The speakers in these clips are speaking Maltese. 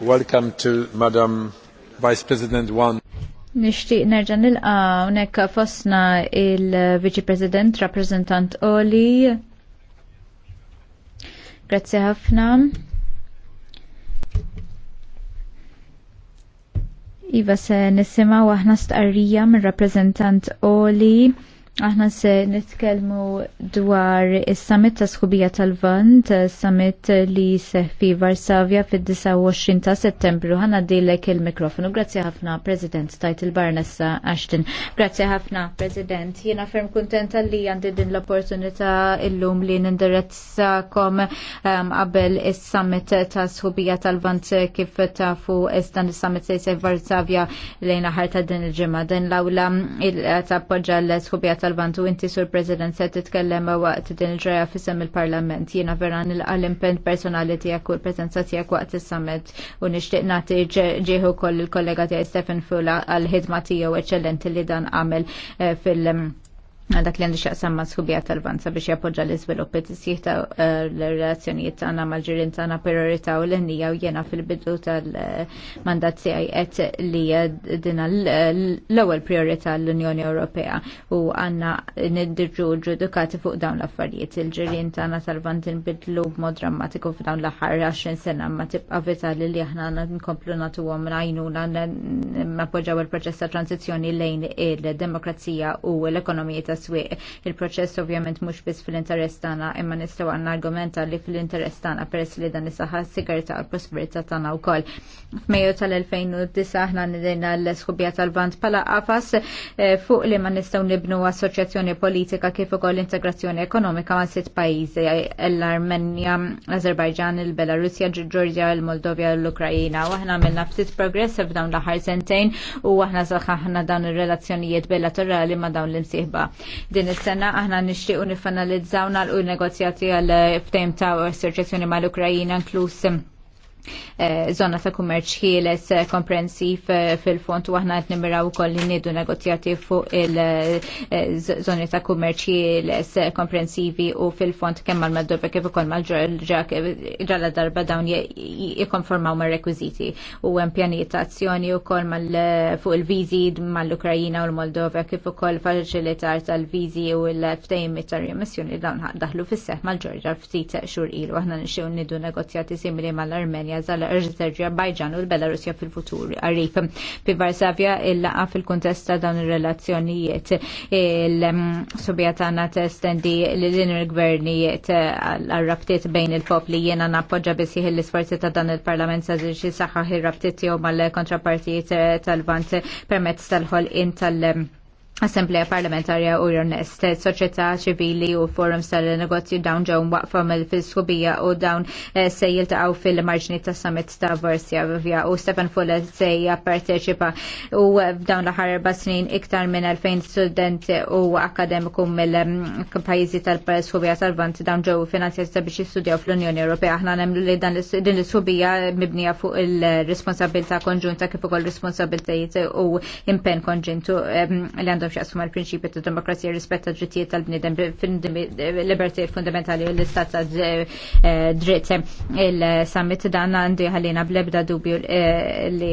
Welcome to Madam Vice President One. Nishtiq nerġa nilqa unek fosna il-Vice President, rappresentant Oli. Grazie ħafna. Iva se nisima waħna stqarrija minn rappresentant Oli. Aħna se nitkellmu dwar is-summit ta' sħubija tal-Vant, summit li seħ fi Varsavja fid-29 ta' Settembru. Ħana dilek il-mikrofonu. Grazzi ħafna, President, tajt il-Barnessa Ashton. Grazzi ħafna, President. Jiena ferm kuntenta li għandi din l-opportunità illum li nindirizzakom um, qabel um, is-summit ta' sħubija tal-Vant kif tafu dan is-summit se jseħ Varsavja lejn aħar ta' din il-ġimgħa. Din l-awla il-tappoġġa l-sħubija tal u inti sur President se titkellem waqt din il-ġraja fissem il-Parlament. Jiena vera nil-għal-impen personali tiegħek u l-prezenza tiegħek waqt is summit u nixtieq nagħti ġieħu koll il-kollega tiegħi Stephen Fula għal-ħidma tiegħu eċċellenti li dan għamel eh, fil- dak li għandix jaqsam ma' sħubija tal-vanza biex jappoġġa l-izvilupp it sieħ ta' eh, l-relazzjonijiet għana mal-ġirien tagħna priorità u l-ennija u jena fil-bidu tal-mandat CIA li dina l-ewwel priorità l-Unjoni Ewropea u għandna niddirġu ġudukati fuq dawn l-affarijiet. Il-ġirien tagħna tal-vant inbidlu b'mod drammatiku f'dawn l-aħħar 20 sena ma tibqa' vitali li aħna nkomplu nagħtuhom għajnuna nappoġġaw il-proċess ta' tranzizzjoni lejn il-demokrazija u l-ekonomija swieq. Il-proċess ovvjament mhux biss fil-interess tagħna imma nistgħu għanna argumenta li fil-interess tagħna peress li dan is prosperita tana u koll. tagħna wkoll. F'Mejju tal-2009 aħna nidina l-sħubija tal-Vant pala qafas eh, fuq li ma nistgħu nibnu assoċjazzjoni politika kif ukoll integrazzjoni ekonomika ma' sitt pajjiżi l-Armenja, l-Azerbajġan, il-Belarusja, Ġorġja, il-Moldovja, l-Ukrajina. U aħna għamilna ftit progress f'dawn l-aħħar sentejn u aħna saħħaħna dawn ir-relazzjonijiet bilaterali ma' dawn l-imsieħba. Din is-sena aħna nixtiequ nifanalizzaw nagħlqu n negozjati għal ftehim ta' assoċjazzjoni mal-Ukrajina inkluż Eh, zona ta' kummerċ ħieles eh, komprensiv eh, fil-font u aħna qed nimmiraw ukoll li nidu negozjati fuq il-żoni ta' kummerċ ħieles komprensivi u fil-font kemm mal-Moldova kif ukoll mal-Ġorġa darba dawn jikkonformaw mar-rekwiżiti u hemm pjanijiet ta' azzjoni wkoll fuq il-viżi mal-Ukrajina u l-Moldova kif ukoll faċilitar tal-viżi u l-ftehim tar remissjoni dawn daħlu fis-seħħ mal-Ġorġa ftit xhur ilu aħna nixxew nidu negozjati simili mal-Armenja ekonomija rġiterġi Bajġan u l-Belarusja fil-futur qarib. Fi Varsavja il-laqa fil-kontesta dawn ir-relazzjonijiet il-subja tagħna testendi l-gvernijiet għal-rabtiet bejn il-popli jiena nappoġġa bisih l-isforzi ta' dan il-Parlament sa' xi saħħa ir-rabtiet tiegħu mal-kontrapartijiet tal-Vant permezz tal-ħolqien tal-, -tal Assembleja Parlamentarja u Jornest, Soċjetà Ċivili u Forums tal-Negozju dawn ġew waqfa mill fiskubija u dawn eh, se jiltaqgħu fil-marġni tas summit ta' Vivja u Stefan Fuller se japparteċipa u f'dawn l-aħħar erba' snin iktar minn 2000 student u akademiku mill-pajjiżi tal-Filskubija tal-Vant dawn ġew finanzjati sabiex jistudjaw fl-Unjoni Ewropea. Aħna nem li dan din l subija mibnija fuq il-responsabilità konġunta kif ukoll responsabiltajiet u impenn konġuntu eh, li għandhom għandhom xaqsum għal prinċipju ta' demokrazija rispett ta' drittijiet tal-bnidem, liberti fundamentali u l-istat ta' eh, dritt. Il-summit dan għandi ħallina blebda dubju eh, li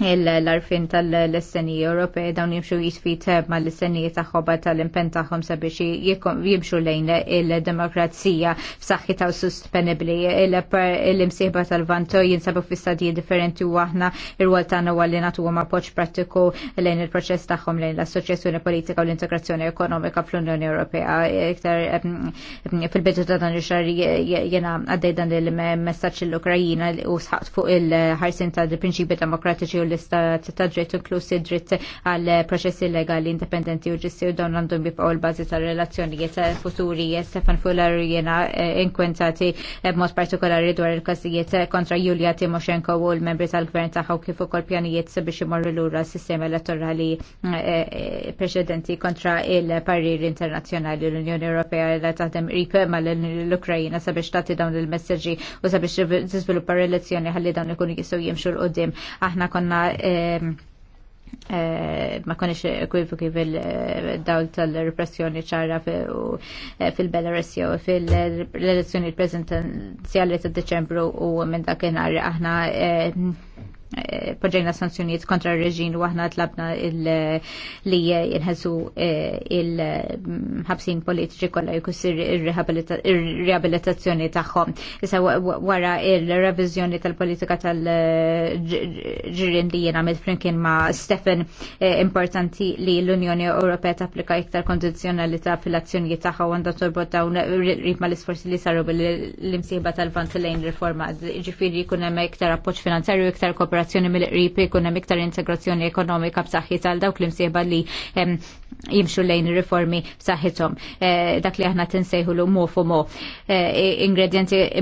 l-arfin tal-lesseni Ewropej dawn jimxu teb ma l-lesseni taħħoba tal-impen taħħom sabiex jimxu lejn il-demokrazija f'saħħitha u sustenibli. Il-imsieħba tal-vanto jinsabu fi stadji differenti u aħna ir-rwol tagħna huwa li nagħtuhom poċ prattiku lejn il-proċess tagħhom lejn l-assoċjazzjoni politika u l-integrazzjoni ekonomika fl-Unjoni Ewropea. Iktar mm, fil-bidu ta' dan il xahar jiena għaddej dan il-messaġġ l-Ukrajina u sħaqt fuq il-ħarsin tal-prinċipi demokratiċi l-istat ta' dritt inklusi dritt għal proċessi legali indipendenti u ġissi u dawn għandhom jibqgħu l-bażi tal-relazzjonijiet futuri Stefan Fuller jiena eh, inkwentati eh, b'mod partikolari dwar il-każijiet kontra Julia Timoshenko u l-membri tal-gvern tagħha kif ukoll pjanijiet biex imorru lura s-sistema elettorali eh, preċedenti kontra il-parir internazzjonali l-Unjoni Ewropea li taħdem rikema l-Ukrajina sabiex tagħti dawn il-messaġġi u sabiex tiżviluppa relazzjoni ħalli dawn ikunu jistgħu jimxu l-qudiem. Aħna konna Eh, ma ma konix kif fil-dawl eh, tal-repressjoni ċarra fil belarusja u eh, fil-elezzjoni prezidenzjali ta' Deċembru u minn dakinhar aħna Eh, poġġejna sanzjonijiet kontra r-reġin u aħna tlabna li jinħessu eh, il-ħabsin politiċi kollha jkussir ir-rehabilitazzjoni tagħhom. Issa wara il-reviżjoni tal-politika tal-ġirien li jena għamilt flimkien ma' Stefan eh, importanti li l-Unjoni Ewropea tapplika iktar kondizjonalità fil-azzjonijiet tagħha għandha torbot dawn ritma l-isforzi li saru bil-imsieħba tal-vant reforma: riforma. Ġifieri jkun hemm iktar appoġġ finanzjarju iktar kooperazzjoni integrazzjoni mill-qrib ikun hemm iktar integrazzjoni ekonomika b'saħħit għal dawk l-imsieba li jimxu lejn ir riformi b'saħħithom. Eh, dak li aħna tinsejħu l mo fu mo. Eh,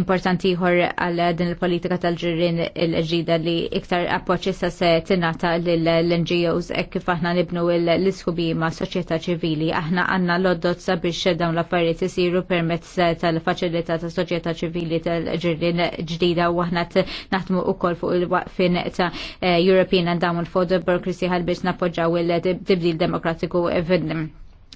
importanti ieħor għal din il-politika tal-ġirien il-ġida li iktar appoġġ se tingħata lill-NGOs hekk kif aħna nibnu l-isħubi ma' soċjetà ċivili. Aħna għandna l-oddot sabiex dawn l-affarijiet isiru permezz tal-faċilità tas soċjetà ċivili tal-ġirien ġdida u aħna naħdmu wkoll fuq il-waqfin ta' eh, European Endowment for Democracy ħal biex napoġġaw il-tibdil demokratiku vidnim.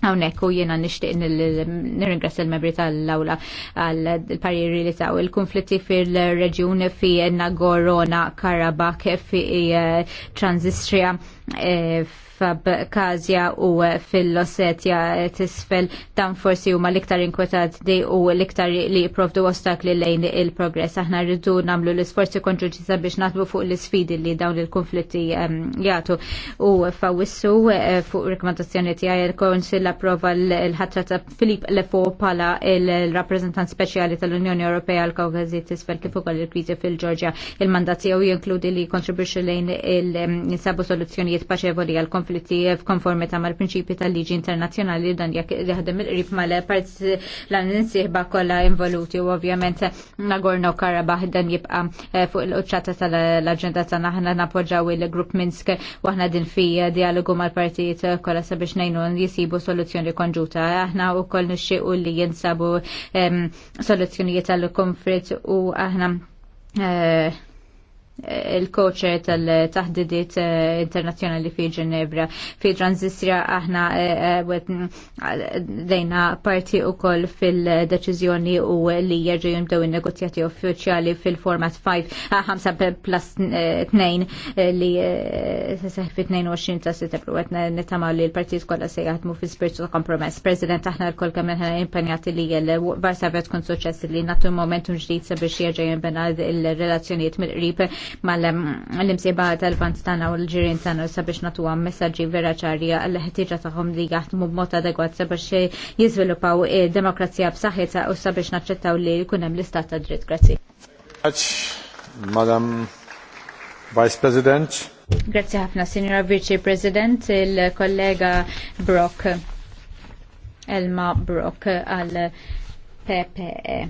Għawnek u jena nishtiq nirringras il-membri tal-lawla għal-pariri li taw il-konflitti fil-reġjun fi Nagorona Karabakh fi eh, Transistria eh, f'Abkazja u fil-Ossetja tisfel dan forsi huma l-iktar inkwetati u l-iktar li jipprovdu ostakli lejn il-progress. Aħna rridu nagħmlu l-isforzi konġuġi biex naħdmu fuq l-isfidi li dawn il-konflitti jagħtu. U fawissu eh, fuq rekomendazzjoni tiegħi il-Konsil approva l-ħatra ta' Filip Lefo pala il-rappreżentant speċjali tal-Unjoni Ewropea għal kawkażi tisfel kif ukoll il-kriżi fil-Ġorġja. Il-mandat tiegħu jinkludi li kontribuxxi lejn il-sabu soluzzjonijiet paċevoli għal konflitti f'konformità mal prinċipi tal-liġi internazzjonali dan jekk jaħdem il-qrib mal parti l-ansieħba kollha involuti u ovvjament Nagorno Karabakh dan jibqa' fuq il-qċata tal-aġenda tagħna aħna nappoġġaw il-grupp Minsk u aħna din fi dialogu mal-partijiet kollha sabiex ngħinu jisibu soluzzjoni konġuta. Aħna wkoll nixxiequ li jinsabu soluzzjonijiet tal-konflitt u aħna eh, il-koċer tal-taħdidiet eh, internazjonali fi Ġenebra. Fi Transistria aħna eh, eh, mm, dejna parti u koll fil-deċizjoni u li jirġu jimdew il-negozjati uffiċjali fil-format 5 ah, plus 2 li seħ fi 22 ta' settembru għet netamaw li l-partijiet kolla se jgħatmu fi spiritu ta' kompromess. President, aħna l-koll kamil ħana impenjati li l varsavet tkun suċess li natu momentum ġdijt sabiex jirġu jimbena il-relazzjoniet mill-qrib mal-imsiba tal-vant tana u l-ġirin tana sabiex natu għam messagġi vera ċarja l-ħtiġa tagħhom li jaħdmu b'mod adegwat sabiex jizvilupaw demokrazija b'saħħitha u sabiex naċċettaw li kunem l-istat ta' dritt. Grazie. Madam Vice President. Grazie ħafna, Signora Vice President, il-kollega Brock, Elma Brock, għal PPE.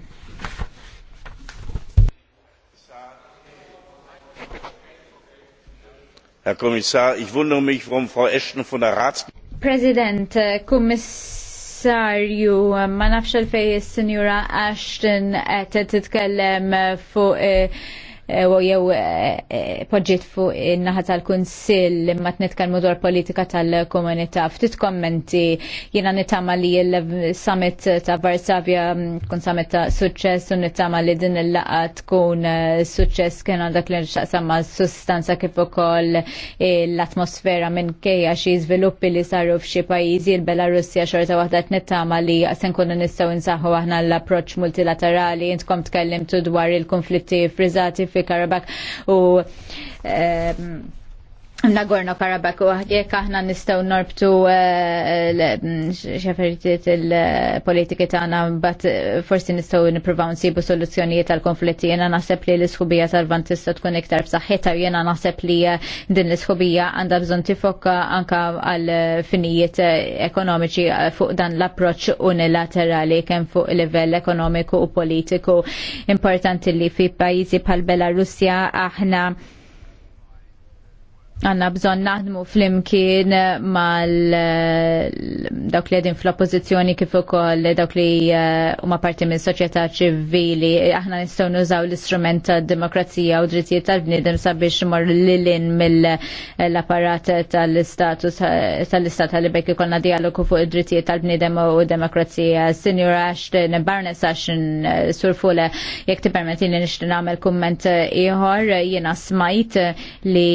Herr Kommissar, ich wundere mich, warum Frau Ashton von der Rats... President, äh, Kummissarju, äh, ma nafx għalfej s-Sinjura Ashton qed äh, titkellem fuq Eh, u jew eh, eh, poġġiet fuq in-naħa tal-Kunsill imma qed nitkellmu dwar politika tal-komunità. Ftit kommenti jiena nitama li l-summit ta' Varsavja mm, kun summit ta' suċċess u nitama li din il laqgħa tkun suċċess kien għandak li nxaqsam ma' sustanza kif ukoll l-atmosfera minn kejja xi żviluppi li saru f'xi pajjiżi il-Belarusja xorta waħda qed nittama li se nkunu nistgħu nsaħħu aħna l-approċċ multilaterali intkom tkellimtu dwar il-konflitti frizzati fi Karabakh u um, Nagorno Karabakh u jekk aħna nistgħu norbtu eh, mm, xeferitiet il-politiki tagħna mbagħad eh, forsi nistgħu nippruvaw nsibu soluzzjonijiet għall konflitti jiena naħseb li l-isħubija tal-vant tista' tkun iktar b'saħħitha u jiena naħseb li eh, din l-isħubija għandha bżonn tifokka anke għal finijiet ekonomiċi fuq dan l-approċċ unilaterali kemm fuq livell ekonomiku u politiku importanti li fi pajjiżi bħal Belarusja aħna għanna bżon naħdmu fl-imkien mal eh, dawk li għedin fl-oppozizjoni kif ukoll dawk li eh, huma parti minn soċjetà ċivili. Aħna nistgħu nużaw l-istrument tad demokrazija u drittijiet tal-bniedem sabiex mor lilin mill-apparat tal-istatus tal-istat li bekk ikolna dialogu fuq id-drittijiet tal-bniedem u demokrazija. Senior Ashton, Barnes Ashton, Sur Fule, jekk permetti li nixtin nagħmel kumment ieħor jiena smajt li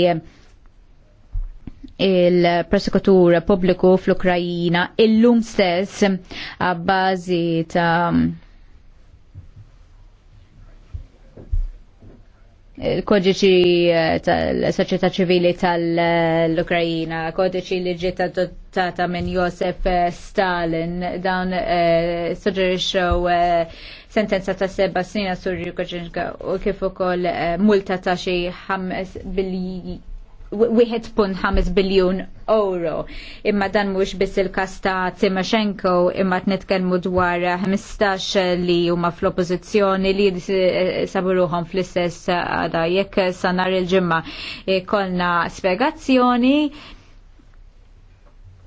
il-prosekutur pubbliku fl-Ukrajina illum stess għabbażi ta' il-kodiċi eh, tal-soċjetà ċivili tal-Ukrajina, kodiċi li ġiet adottata minn Josef Stalin, dawn eh, suġġerixxew eh, sentenza ta' seba' snin sur u kif ukoll multa ta' xi 5 biljun 1.5 biljun euro. Imma dan mhux biss il kasta ta' Timoshenko imma t-netkelmu dwar 15 li huma fl-oppożizzjoni li eh, saburuhom fl-istess għada jekk sa nhar il-ġimma kolna spiegazzjoni.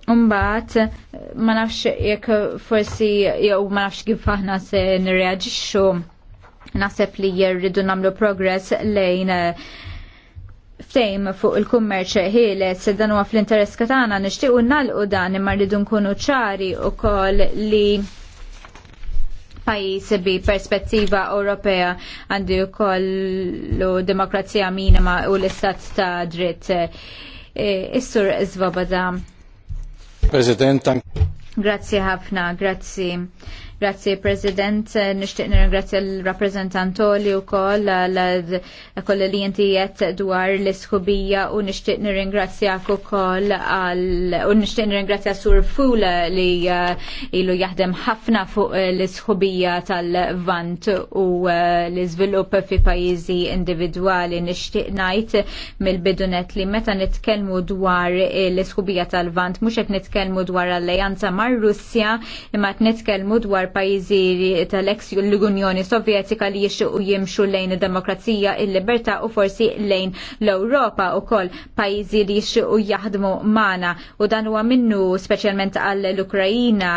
Umbat, eh, ma nafx jekk forsi jew ma nafx kif aħna se nirreaġixxu naħseb li jirridu nagħmlu progress lejn uh, ftejm fuq il-kummerċ ħieles dan huwa fl-interess katana nixtiequ nalqu dan imma rridu nkunu ċari wkoll li pajis bi perspettiva Ewropea għandu kollu demokrazija minima u l-istat ta' dritt. E, is-sur Zvobada. Grazzi ħafna, grazie. Grazzi President, nishtiq nirringrazzja l-rappresentantoli u koll l-koll li jinti jett dwar l-iskubija u nishtiq nirringrazzja u koll u nishtiq nirringrazzja Sur Fula li uh, ilu jaħdem ħafna fuq uh, l-iskubija tal-vant u uh, l-izvilup fi pajizi individuali nishtiq najt mill-bidunet li meta nitkelmu dwar l-iskubija tal-vant muxet nitkellmu dwar alleanza mar-Russja imma nitkellmu dwar dwar pajjiżi tal-ex l-Unjoni Sovjetika li jixtiequ jimxu lejn id-demokrazija, il-libertà u forsi lejn l-Ewropa wkoll pajjiżi li jixtiequ jaħdmu mana u dan huwa minnu speċjalment għall eh, l-Ukrajina,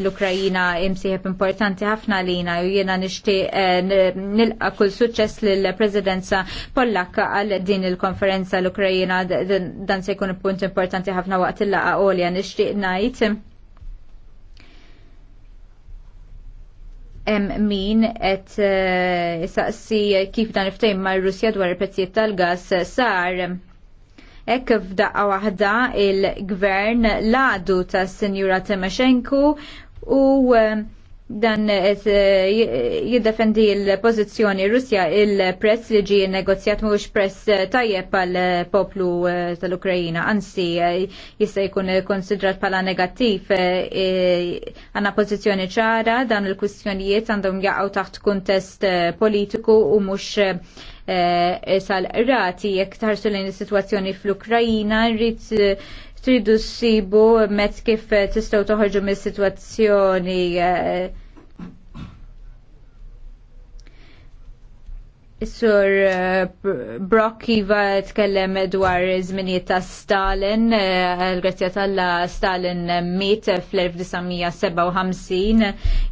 l-Ukrajina imsiħeb importanti ħafna lina u jiena nixtieq eh, nilqa kull suċċess lill-Presidenza Pollakka għal din il-konferenza l-Ukrajina dan se jkun punt importanti ħafna waqt il-laqa għolja nixtieq ngħid hemm min qed isaqsi eh, kif dan iftejn mar-Russja dwar il-prezzijiet tal-gas sar. Ekk f'daqqa waħda il-gvern ladu tas-Sinjura Temeshenko u eh, dan eh, jiddefendi l-pozizjoni Russja il-press li ġi negozjat mux press eh, tajjeb għal eh, poplu tal-Ukrajina, ansi jista' jkun konsidrat pala negattiv. Għanna pozizjoni ċara, dan il-kwistjonijiet għandhom jaqgħu taħt kuntest politiku u mux sal-rati jekk tarsu lejn is-sitwazzjoni fl-Ukrajina, rrit tridu ssibu mezz kif tistgħu toħorġu mis-sitwazzjoni eh, Sur eh, Brock Iva tkellem dwar żminijiet ta' Stalin, eh, għal-grazzja tal Stalin mit fl-1957,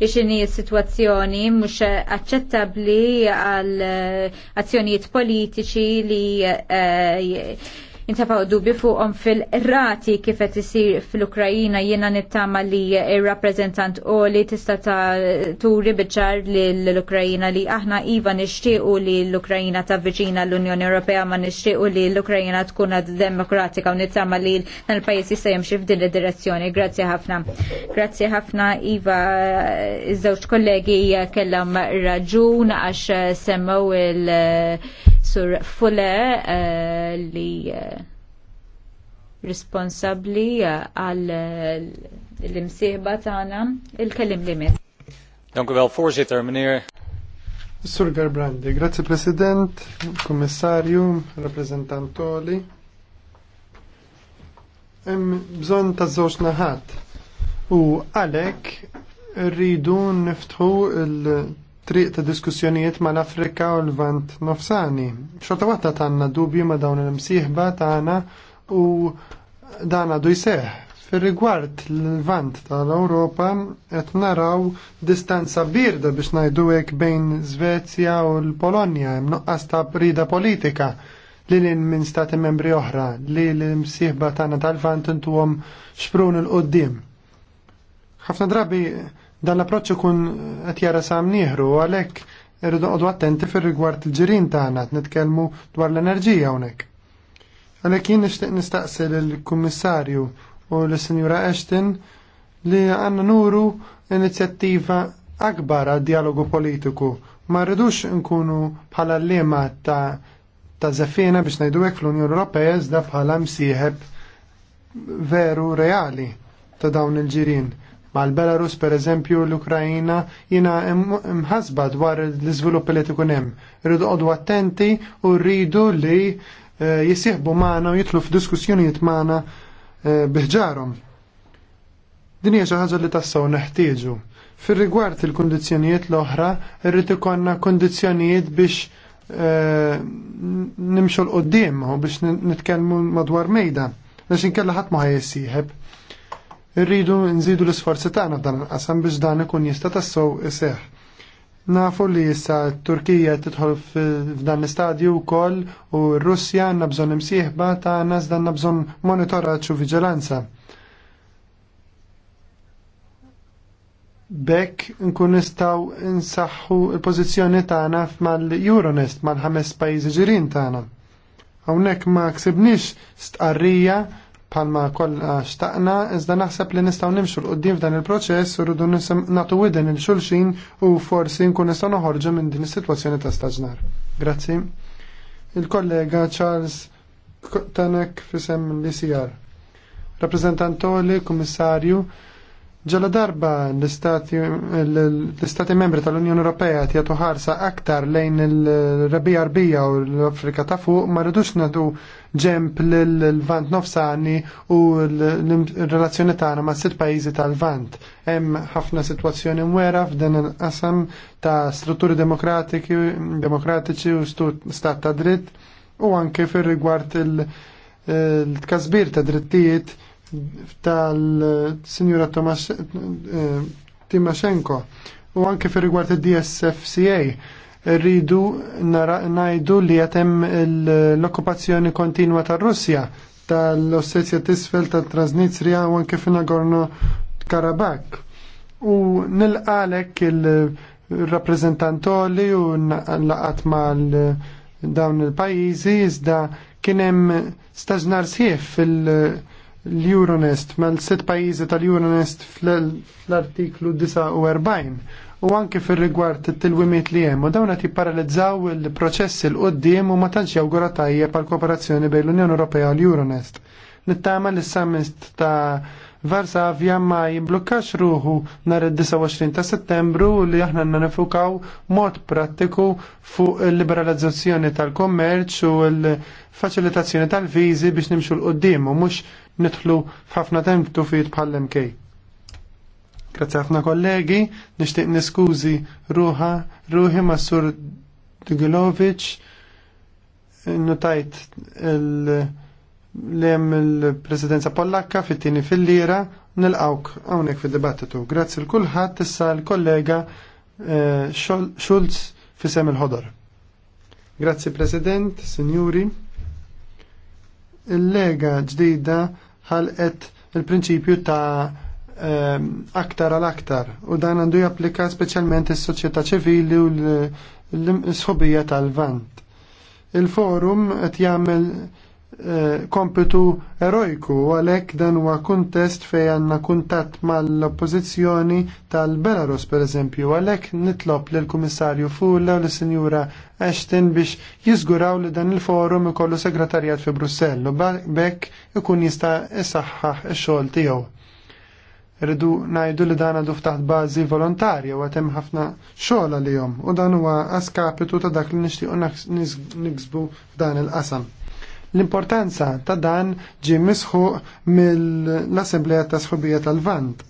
ixini situazzjoni mux accettabli għal azzjonijiet politiċi li intafaw dubi fuqhom fil-rati kif qed isir fl-Ukrajina jiena nittama li ir u li tista' ta' turi biċar lill-Ukrajina li aħna iva nixtiequ li l-Ukrajina ta' viċina l-Unjoni Ewropea ma nixtiequ li l-Ukrajina tkun demokratika u nittama li l-pajjiż jista' jimxi f'din id-direzzjoni. Grazzi ħafna. Grazzi ħafna iva iż-żewġ kollegi kellam raġun għax semmu il- Sur Fule uh, li uh, responsabli eh, għal l-imsieħba tagħna il-kellim limit. Dank u għal voorzitter, meneer. Sur Garbrandi, grazie President, Kommissarju, rappresentantoli. Hemm bżonn ta' żewġ naħat u għalhekk rridu niftħu il- triq ta' diskussjonijiet ma' l-Afrika u l-Vant nofsani. Xorta watta għanna dubju ma' dawn l-msiħba għana u dan għadu jseħ. Fil-rigward l-vant tal-Europa, għet naraw distanza birda biex najdu bejn Svezja u l-Polonja, mnuqqas ta' prida politika li l minn stati membri oħra li l-msiħba għana tal-vant intuwom xprun l-qoddim. ħafna drabi Dan l-approċċ ikun qed jara sam nieħru għalhekk irridu attenti fir-rigward il-ġirien tagħna qed nitkellmu dwar l-enerġija hawnhekk. Għalhekk jien nixtieq nistaqsi lill-Kummissarju u l sinjura Ashton li għandna nuru inizjattiva akbar għad dialogu politiku. Ma rridux nkunu bħala l-lema ta' ta' zaffina biex najdu fl-Unjoni Ewropea iżda bħala msieħeb veru reali ta' dawn il-ġirien mal-Belarus per eżempju l-Ukrajina jina mħasba dwar l-izvilupp li tkun hemm. Rridu qodu attenti u rridu li eh, jisieħbu magħna u jitlu f'diskussjonijiet magħna eh, biħġarhom. Din hija xi ħaġa li tassew neħtieġu. Fir-rigward il-kundizzjonijiet l-oħra, rrid ikollna kundizzjonijiet biex eh, nimxu l-qoddim u biex nitkellmu madwar mejda. Lex inkella ħadd ma ħajjissieħeb. Irridu nżidu l-isforzi tagħna f'dan il-qasam biex dan ikun jista' tassew iseħħ. Nafu li issa Turkija tidħol f'dan l-istadju wkoll u r-Russja għandna bżonn imsieħba tagħna iżda bżonn monitorat u viġilanza. Bekk nkun nistgħu nsaħħu l-pożizzjoni tagħna mal-Euronest mal-ħames pajjiżi ġirien tagħna. Hawnhekk ma ksibniex stqarrija palma kollha xtaqna, iżda naħseb li nistgħu nimxu l-qoddim f'dan il-proċess u rridu nagħtu widen il-xulxin u forsi nkun nistgħu noħorġu minn din is-sitwazzjoni ta' staġnar. Grazzi. Il-kollega Charles Tanek fisem l-ICR. Rappresentantoli, kummissarju, Ġala darba l-Istati membri tal-Unjoni Ewropea tiegħu ħarsa aktar lejn il rebija Arbija u l-Afrika ta' fuq ma rridux nagħtu ġemp lill vant nofsani u l-relazzjoni tagħna ma' sitt pajjiżi tal-Vant. Hemm ħafna sitwazzjoni mwera f'dan il-qasam ta' strutturi demokratiċi u stat ta' dritt u anke fir rigward il-tkasbir ta' drittijiet tal-Sinjura eh, Timashenko u anke fi rigward id-DSFCA rridu najdu li jatem l-okkupazzjoni kontinwa tal-Russja tal-Ossetja tisfel tal-Transnistria u anke fin-Nagorno Karabakh. U nilqalek il-rappresentantoli u laqat mal dawn il-pajizi iżda kienem staġnar sħif fil- l-Euronest, mal-sitt pajjiżi tal-Euronest fl-artiklu 49 u anke fir rigward t tilwimiet li hemm u dawn qed jipparalizzaw il-proċess il qoddim u ma tantx tajja tajjeb kooperazzjoni bejn l-Unjoni Ewropea u l-Euronest. Nittama li summit ta' Varsavja ma jimblokkax ruħu nhar id-29 ta' Settembru li aħna nifukaw mod prattiku fuq il-liberalizzazzjoni tal-kommerċ u l-faċilitazzjoni tal-viżi biex nimxu l qoddim u mhux nidħlu f'ħafna temp tufid bħal MK. Grazzi ħafna kollegi, nixtieq niskużi ruħa, ruħi ma' Sur Dugilovic, notajt l-lem il-presidenza pollakka fit-tini fil-lira, nil hawnhekk għawnek fil-dibattitu. Grazzi l-kulħat, issa l-kollega eh, Schulz fisem il-ħodor. Grazzi President, Signori. Il-lega ġdida ħalqet il-prinċipju ta' ehm, aktar għal aktar u dan għandu japplika speċjalment is-soċjetà ċivili u l-sħobija tal-vant. Il-forum qed jagħmel kompitu erojku u għalhekk dan huwa kuntest fejn għandna kuntatt mal-oppożizzjoni tal-Belarus pereżempju għalhekk nitlob lill kummissarju Fulla u l sinjura Ashton biex jiżguraw li dan il-forum ikollu segretarjat fi Brussell u bekk ikun jista' isaħħaħ ix-xogħol tiegħu. Rridu ngħidu li dan għadu ftaħt bażi volontarja u għatem ħafna xogħol għalihom u dan huwa għaskapitu ta' dak li nixtiequ niksbu f'dan il-qasam. L-importanza ta' dan ġie misħu mill-Assembleja ta' Sħubija tal-Vant.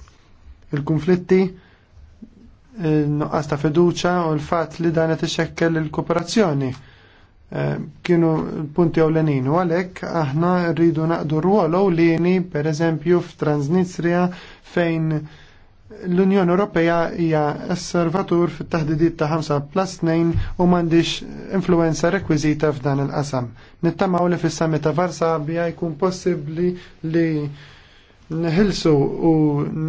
Il-konflitti, nuqqas ta' fiduċa u l-fat li dan qed ixekkel il-kooperazzjoni eh, kienu punti ewlenin u għalhekk aħna rridu naqdu rwol ewlieni pereżempju f'Transnistria fejn l-Unjoni Ewropea hija osservatur fit-taħdidiet ta' 5 plus 2 u m'għandix influenza rekwiżita f'dan il-qasam. Nittamaw li fis-summit ta' Varsabja jkun possibbli li nħilsu u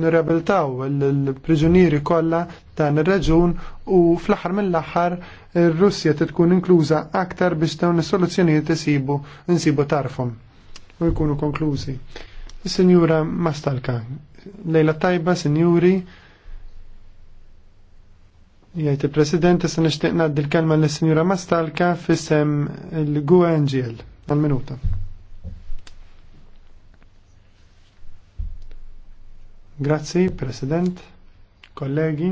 nirabiltaw l-priġunieri kollha dan ir-raġun u fl-aħħar mill-aħħar ir-Russja tkun inkluża aktar biex dawn is-soluzzjonijiet isibu nsibu tarfhom u jkunu konklużi. Is-Sinjura Mastalka, Lejla tajba, signuri. Jajt il-President jessan nixtieq ngħaddi l-kelma l sinjura Mastalka f'isem il-Gua NGL għal-minuta. Grazzi, President, kollegi.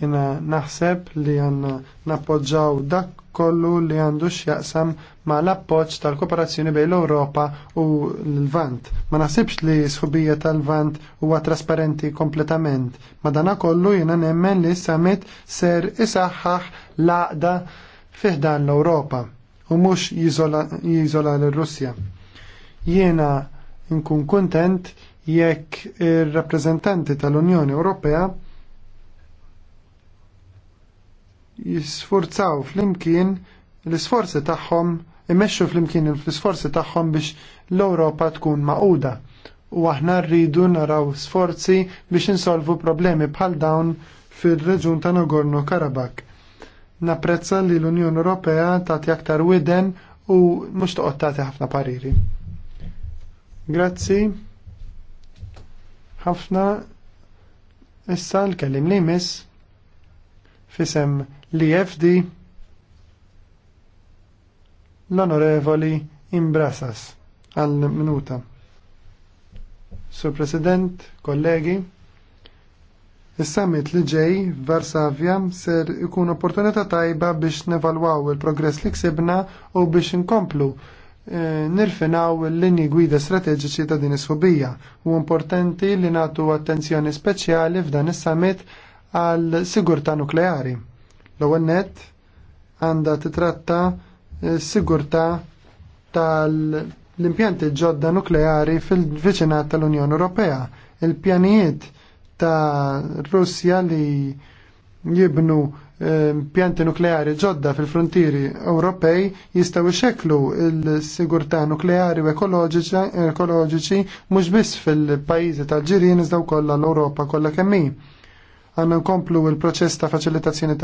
Jena naħseb li għanna nappoġġaw dak kollu li għandu x'jaqsam ma l-appoġġ tal-kooperazzjoni bejn l-Ewropa u l-Vant. Ma naħsibx li sħubija tal-Vant huwa trasparenti kompletament. Madanakollu kollu jiena nemmen li summit ser isaħħaħ l-għaqda fiħdan l-Ewropa u mhux jiżola l-Russja. Jiena nkun kuntent jekk ir-rappreżentanti tal-Unjoni Ewropea jisforzaw flimkien l-isforzi tagħhom imexxu flimkien l-isforzi tagħhom biex l-Ewropa tkun maquda u aħna rridu naraw sforzi biex insolvu problemi bħal dawn fil-reġun ta' Nagorno Karabakh. Napprezza li l-Unjoni Ewropea tagħti aktar widen u mhux toqgħod tagħti ħafna pariri. Grazzi. Ħafna issa l-kellim li miss fisem li FD l-onorevoli Imbrasas għal minuta. Sur President, kollegi, Is-summit li ġej f'Varsavja ser ikun opportunità tajba biex nevalwaw il-progress li ksibna u biex inkomplu eh, nirfinaw l-linji gwida strateġiċi ta' din is-subija. U importanti li nagħtu attenzjoni speċjali f'dan is-summit għal sigurtà nukleari. L-ewwel net għandha titratta eh, sigurtà tal-impjanti ġodda nukleari fil-viċinat tal-Unjoni Ewropea. Il-pjanijiet ta' Russja li jibnu eh, pjanti nukleari ġodda fil-frontieri Ewropej jistaw ixeklu il-sigurtà nukleari u ekoloġiċi mhux biss fil-pajjiżi tal-ġirien iżda wkoll l-Ewropa kollha kemm Għanna nkomplu il-proċess ta' faċilitazzjoni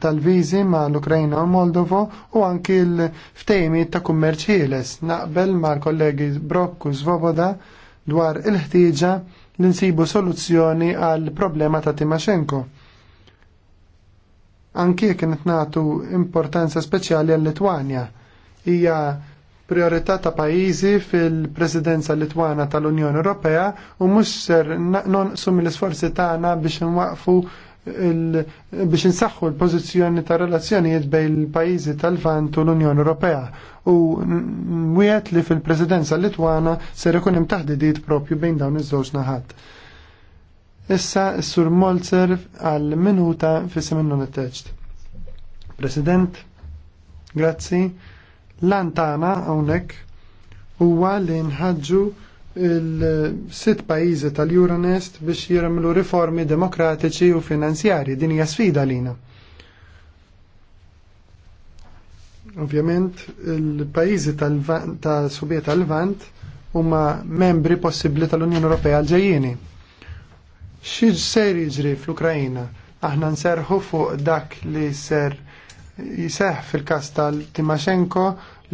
tal-viżi ma' l-Ukrajna u Moldovo u anki l-ftejmi ta' kummerċ ħieles naqbel ma' kollegi Brokku Svoboda dwar il-ħtieġa li nsibu soluzzjoni għal problema ta' Timashenko. Anki kienet natu importanza speċjali għall-Litwanja. Hija priorità ta' pajjiżi fil-Presidenza Litwana tal-Unjoni Ewropea u mhux ser nonqsu mill-isforzi tagħna biex nwaqfu biex insaħħu l-pożizzjoni ta' relazzjonijiet bejn il-pajjiżi tal-Vant u l-Unjoni Ewropea u wieħed li fil-Presidenza Litwana ser ikun hemm taħdidiet propju bejn dawn iż-żewġ naħat. Issa s-Sur Molzer għal minuta fis-seminnu President, grazzi L-antana hawnhekk huwa li nħaġġu il-sitt pajjiżi tal-Euronest biex jirmlu riformi demokratiċi u finanzjari. Din hija sfida lina. Ovvjament, il-pajjiżi tal-Subiet tal-Vant huma membri possibbli tal-Unjoni Ewropea ġejjieni. Xi ser jiġri fl-Ukrajna? Aħna nserħu fuq dak li ser jiseħ fil-kas tal-Timashenko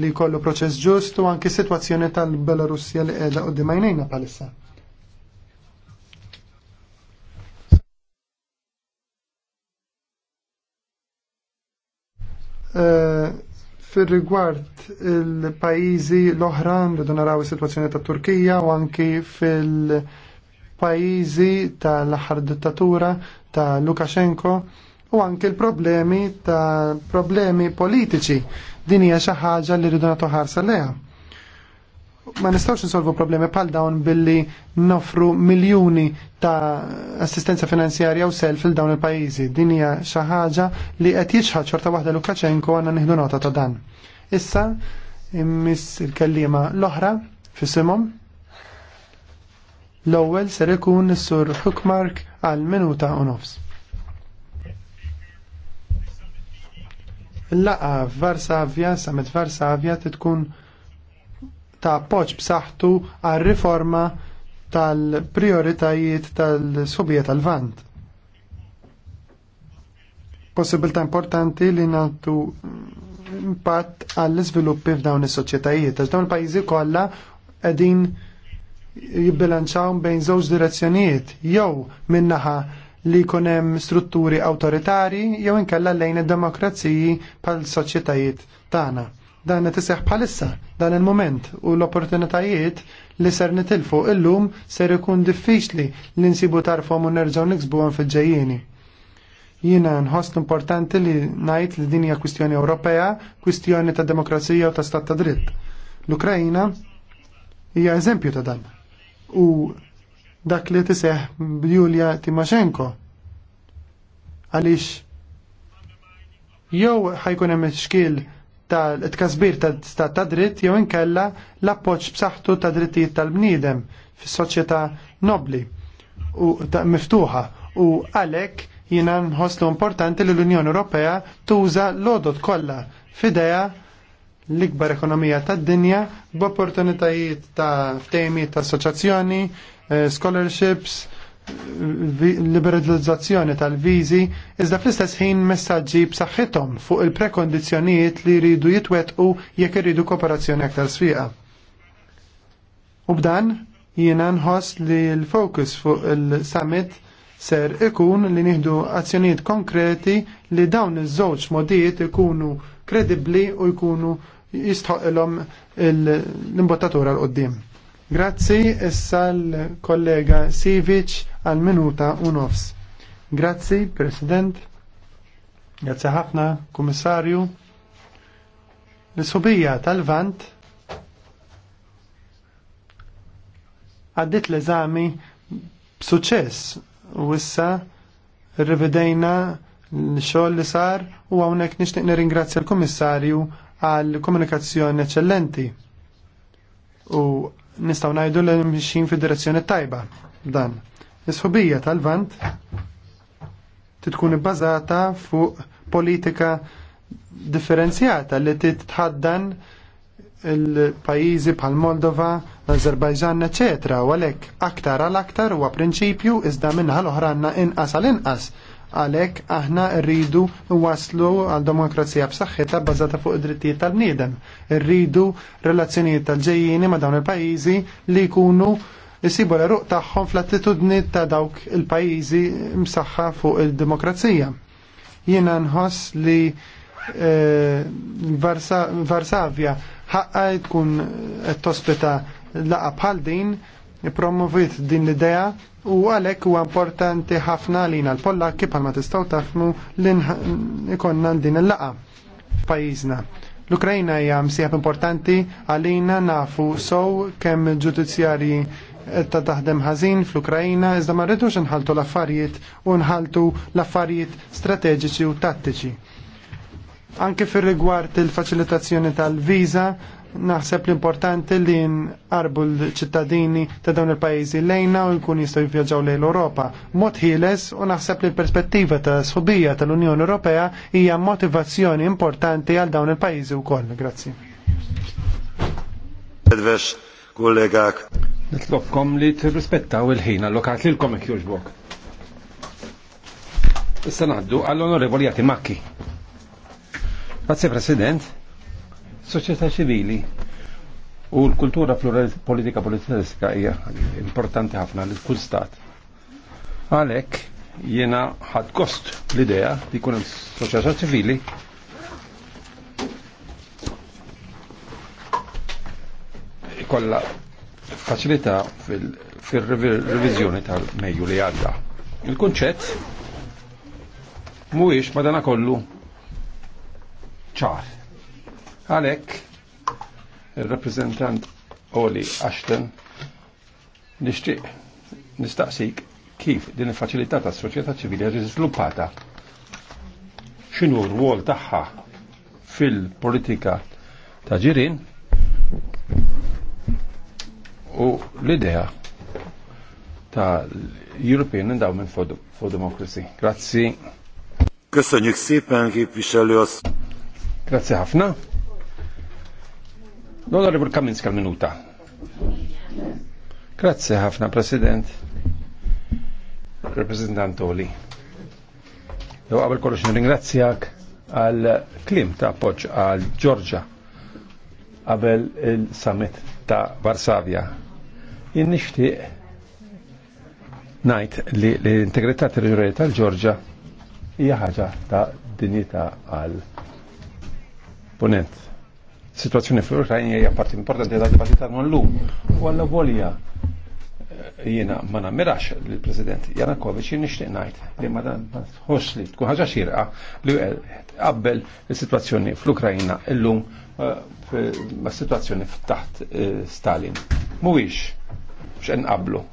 li kollu proċess ġust u anki situazzjoni tal-Belarusja li qiegħda u għajnejna bħalissa. Uh, eh, fil-rigward il-pajizi l-oħra li naraw is-sitwazzjoni ta' Turkija u anki fil-pajizi tal-aħħar dittatura ta' Lukashenko u anke l-problemi ta' problemi politiċi. Din hija xi ħaġa li rridu nagħtu ħarsa leha. Ma nistgħux insolvu problemi bħal dawn billi nofru miljuni ta' assistenza finanzjarja u self il dawn il-pajjiżi. Din hija xi ħaġa li qed jiġħad xorta waħda Lukaċenko għandna nieħdu nota ta' dan. Issa immiss il-kellima l-oħra fisimhom. L-ewwel ser ikun is-sur Hookmark għal minuta u nofs. Il-laqa Varsavja, samet Varsavja titkun ta' poċ b'saħħtu għal riforma tal-prioritajiet tal-subjet tal-vant. ta' importanti li natu impatt għall-izviluppi f'dawn is-soċjetajiet. Għax dawn il-pajjiżi kollha qegħdin jibbilanċaw bejn żewġ direzzjonijiet, jew minnaħa li kunem strutturi autoritari jew inkella lejn id-demokraziji pal soċjetajiet tagħna. Dan qed iseħħ bħalissa dan il-moment u l-opportunitajiet li ser nitilfu illum ser ikun diffiċli li nsibu tarfhom u nerġgħu niksbuhom fil-ġejjieni. Jiena nħoss importanti li ngħid li din hija kwistjoni Ewropea, kwistjoni ta' demokrazija u ta' stat ta' dritt. l ukrajina hija eżempju ta' dan. U dak li tiseħ Julia Timashenko. Għaliex jew ħajkun hemm xkil tal-tkasbir tal-stat ta' dritt jew inkella l-appoġġ b'saħħtu ta' drittijiet tal-bniedem fis-soċjetà nobli u miftuħa u għalhekk jiena nħosslu importanti li l-Unjoni Ewropea tuża l-odot kollha f'idea l-ikbar ekonomija tad-dinja b'opportunitajiet ta' ftejmi ta' assoċjazzjoni Eh, scholarships, liberalizzazzjoni tal-viżi, iżda fl-istess ħin messaġġi b'saħħithom fuq il-prekondizzjonijiet li jridu jitwetqu jekk irridu kooperazzjoni aktar sfiqa. U b'dan jiena nħoss li l-fokus fuq il-summit ser ikun li nieħdu azzjonijiet konkreti li dawn iż-żewġ modijiet ikunu kredibbli u jkunu jistħoqilhom l-imbottatura l-qoddim. Grazzi issa l-kollega Sivic għal minuta u nofs. Grazzi, President. Grazzi ħafna, Komissarju. L-subija tal-Vant għaddit l-eżami b'suċess u issa rivedejna l-xogħol li sar u hawnhekk nixtieq nirringrazzja l-Kummissarju għal komunikazzjoni eċċellenti u nistaw najdu li mxin fi direzzjoni tajba dan. Is-ħubija tal-vant titkun ibbażata fuq politika differenzjata li titħaddan il-pajizi bħal Moldova, l-Azerbajġan, ecc. U għalek aktar għal aktar huwa prinċipju iżda minna l-oħranna inqas għal inqas Għalhekk aħna rridu waslu għal demokrazija b'saħħitha bbażata fuq id-drittijiet tal-bniedem. Rridu relazzjonijiet tal-ġejjieni ma' dawn il-pajjiżi li jkunu jsibu l ruq tagħhom fl-attitudni ta' dawk il-pajjiżi msaħħa fuq il-demokrazija. Jiena nħoss li eh, Varsavja ħaqqa tkun tospita laqa bħal din, promovit din l-idea U għalek u importanti ħafna li l polla kif ma tistaw tafmu li ikonna din il-laqa f'pajjiżna. L-Ukrajna hija msieħab importanti għalina nafu sow kemm il-ġudizzjarji ta' taħdem ħażin fl-Ukrajna iżda ma rridux nħaltu l-affarijiet u nħaltu l-affarijiet strateġiċi u tattiċi. Anke fir rigward il-faċilitazzjoni tal-viża naħseb l-importanti li nqarbu l-ċittadini ta' dawn il-pajjiżi lejna u jkun jistgħu jivvjaġġaw lejn l Mod ħieles u naħseb li l-perspettiva ta' sħubija tal-Unjoni Ewropea hija motivazzjoni importanti għal dawn il-pajjiżi wkoll. Grazzi. Edves kollegak. Nitlobkom li tirrispettaw il-ħin allokat l hekk jogħġbok. Issa ngħaddu għall-Onorevoli Jati Makki. Grazie President. Soċjetà ċivili u l-kultura politika politika hija importanti ħafna l kull stat. Għalhekk jiena ħad kost l-idea li jkun hemm soċjetà ċivili kollha faċilità fil-revizjoni tal-mejju li għadda. Il-kunċett mhuwiex kollu ċar Għalek, il reprezentant Oli Ashton, nishtiq nistaqsik kif din il-faċilità tas soċieta ċivili għaġi sviluppata. r-rwol taħħa fil-politika ta' ġirin u l-idea ta' European Endowment for, for Democracy. Grazzi. Köszönjük szépen, képviselő asszony. Grazzi ħafna. L-Onorevol Kaminska minuta. Grazie ħafna, President. Representant Oli. Jo għabel kollox nirringrazzjak għal klim ta' appoġġ għal Georgia qabel il-summit ta' Varsavia. Jien nixtieq ngħid li l-integrità territorjali tal Georgia hija ħaġa ta' dinjità għal Ponent situazzjoni fl-Ukrajna hija parti importanti ta' dibattit tagħna llum. U alla volja eh, jiena ma nammirax lill-President Janakovic nixtieq ngħid li ma tħoss li tkun ħaġa xirqa li qabbel is-sitwazzjoni fl-Ukrajna llum eh, ma' situazzjoni taħt eh, Stalin. Mhuwiex x'en qablu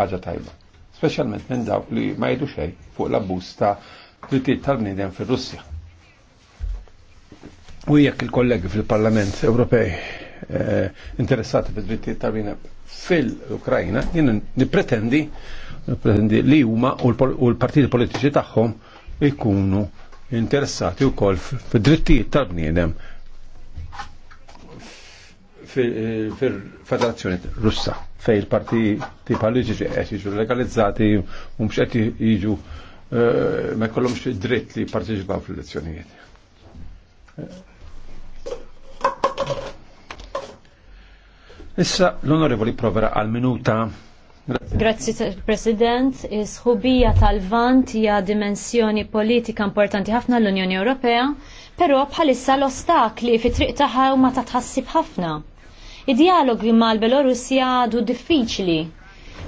ħaġa tajba. Speċjalment minn dawk li ma jgħidu xejn fuq l-abbuż ta' tal-bniedem fir-Russja. U jekk il-kollegi fil-Parlament Ewropej eh, interessati fid drittijiet ta' bina fil-Ukrajna, jien nipretendi pretendi li huma u l-partiti politiċi tagħhom ikunu interessati wkoll fid-drittijiet tal-bniedem fil-Federazzjoni Russa fej il-partiti politiċi qed jiġu legalizzati u mhux qed jiġu eh, ma jkollhomx dritt li jipparteċipaw fl-elezzjonijiet Issa l-Onorevoli Provera għal-minuta. Grazzi President, is-ħubija tal-vant hija dimensjoni politika importanti ħafna l-Unjoni Ewropea, però bħalissa l-ostakli fi triq tagħha huma ta' tħassib ħafna. Id-dialog mal belorussija għadu diffiċli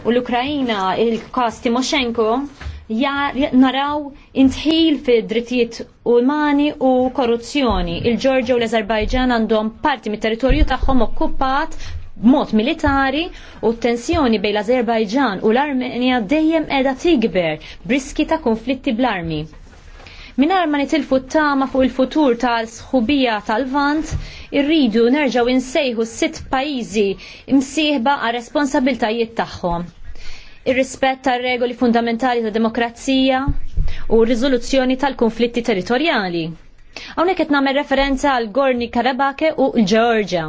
u l-Ukrajina il-kas Timoshenko naraw intħil fi drittijiet umani u korruzzjoni. Il-Ġorġa u l-Azerbajġan għandhom parti mit territorju tagħhom okkupat mod militari u t-tensjoni bejn l-Azerbajġan u l-Armenja dejjem edha tikber briski ta' konflitti bl-armi. Minar ma nitilfu t-tama fuq il-futur tal-sħubija tal-vant, irridu nerġaw insejħu sitt pajizi imsieħba għal responsabiltajiet tagħhom. Ir-rispett tar-regoli fundamentali ta' demokrazija u r-riżoluzzjoni tal-konflitti territorjali. Hawnhekk qed nagħmel referenza għal Gorni Karabake u l-Ġorġja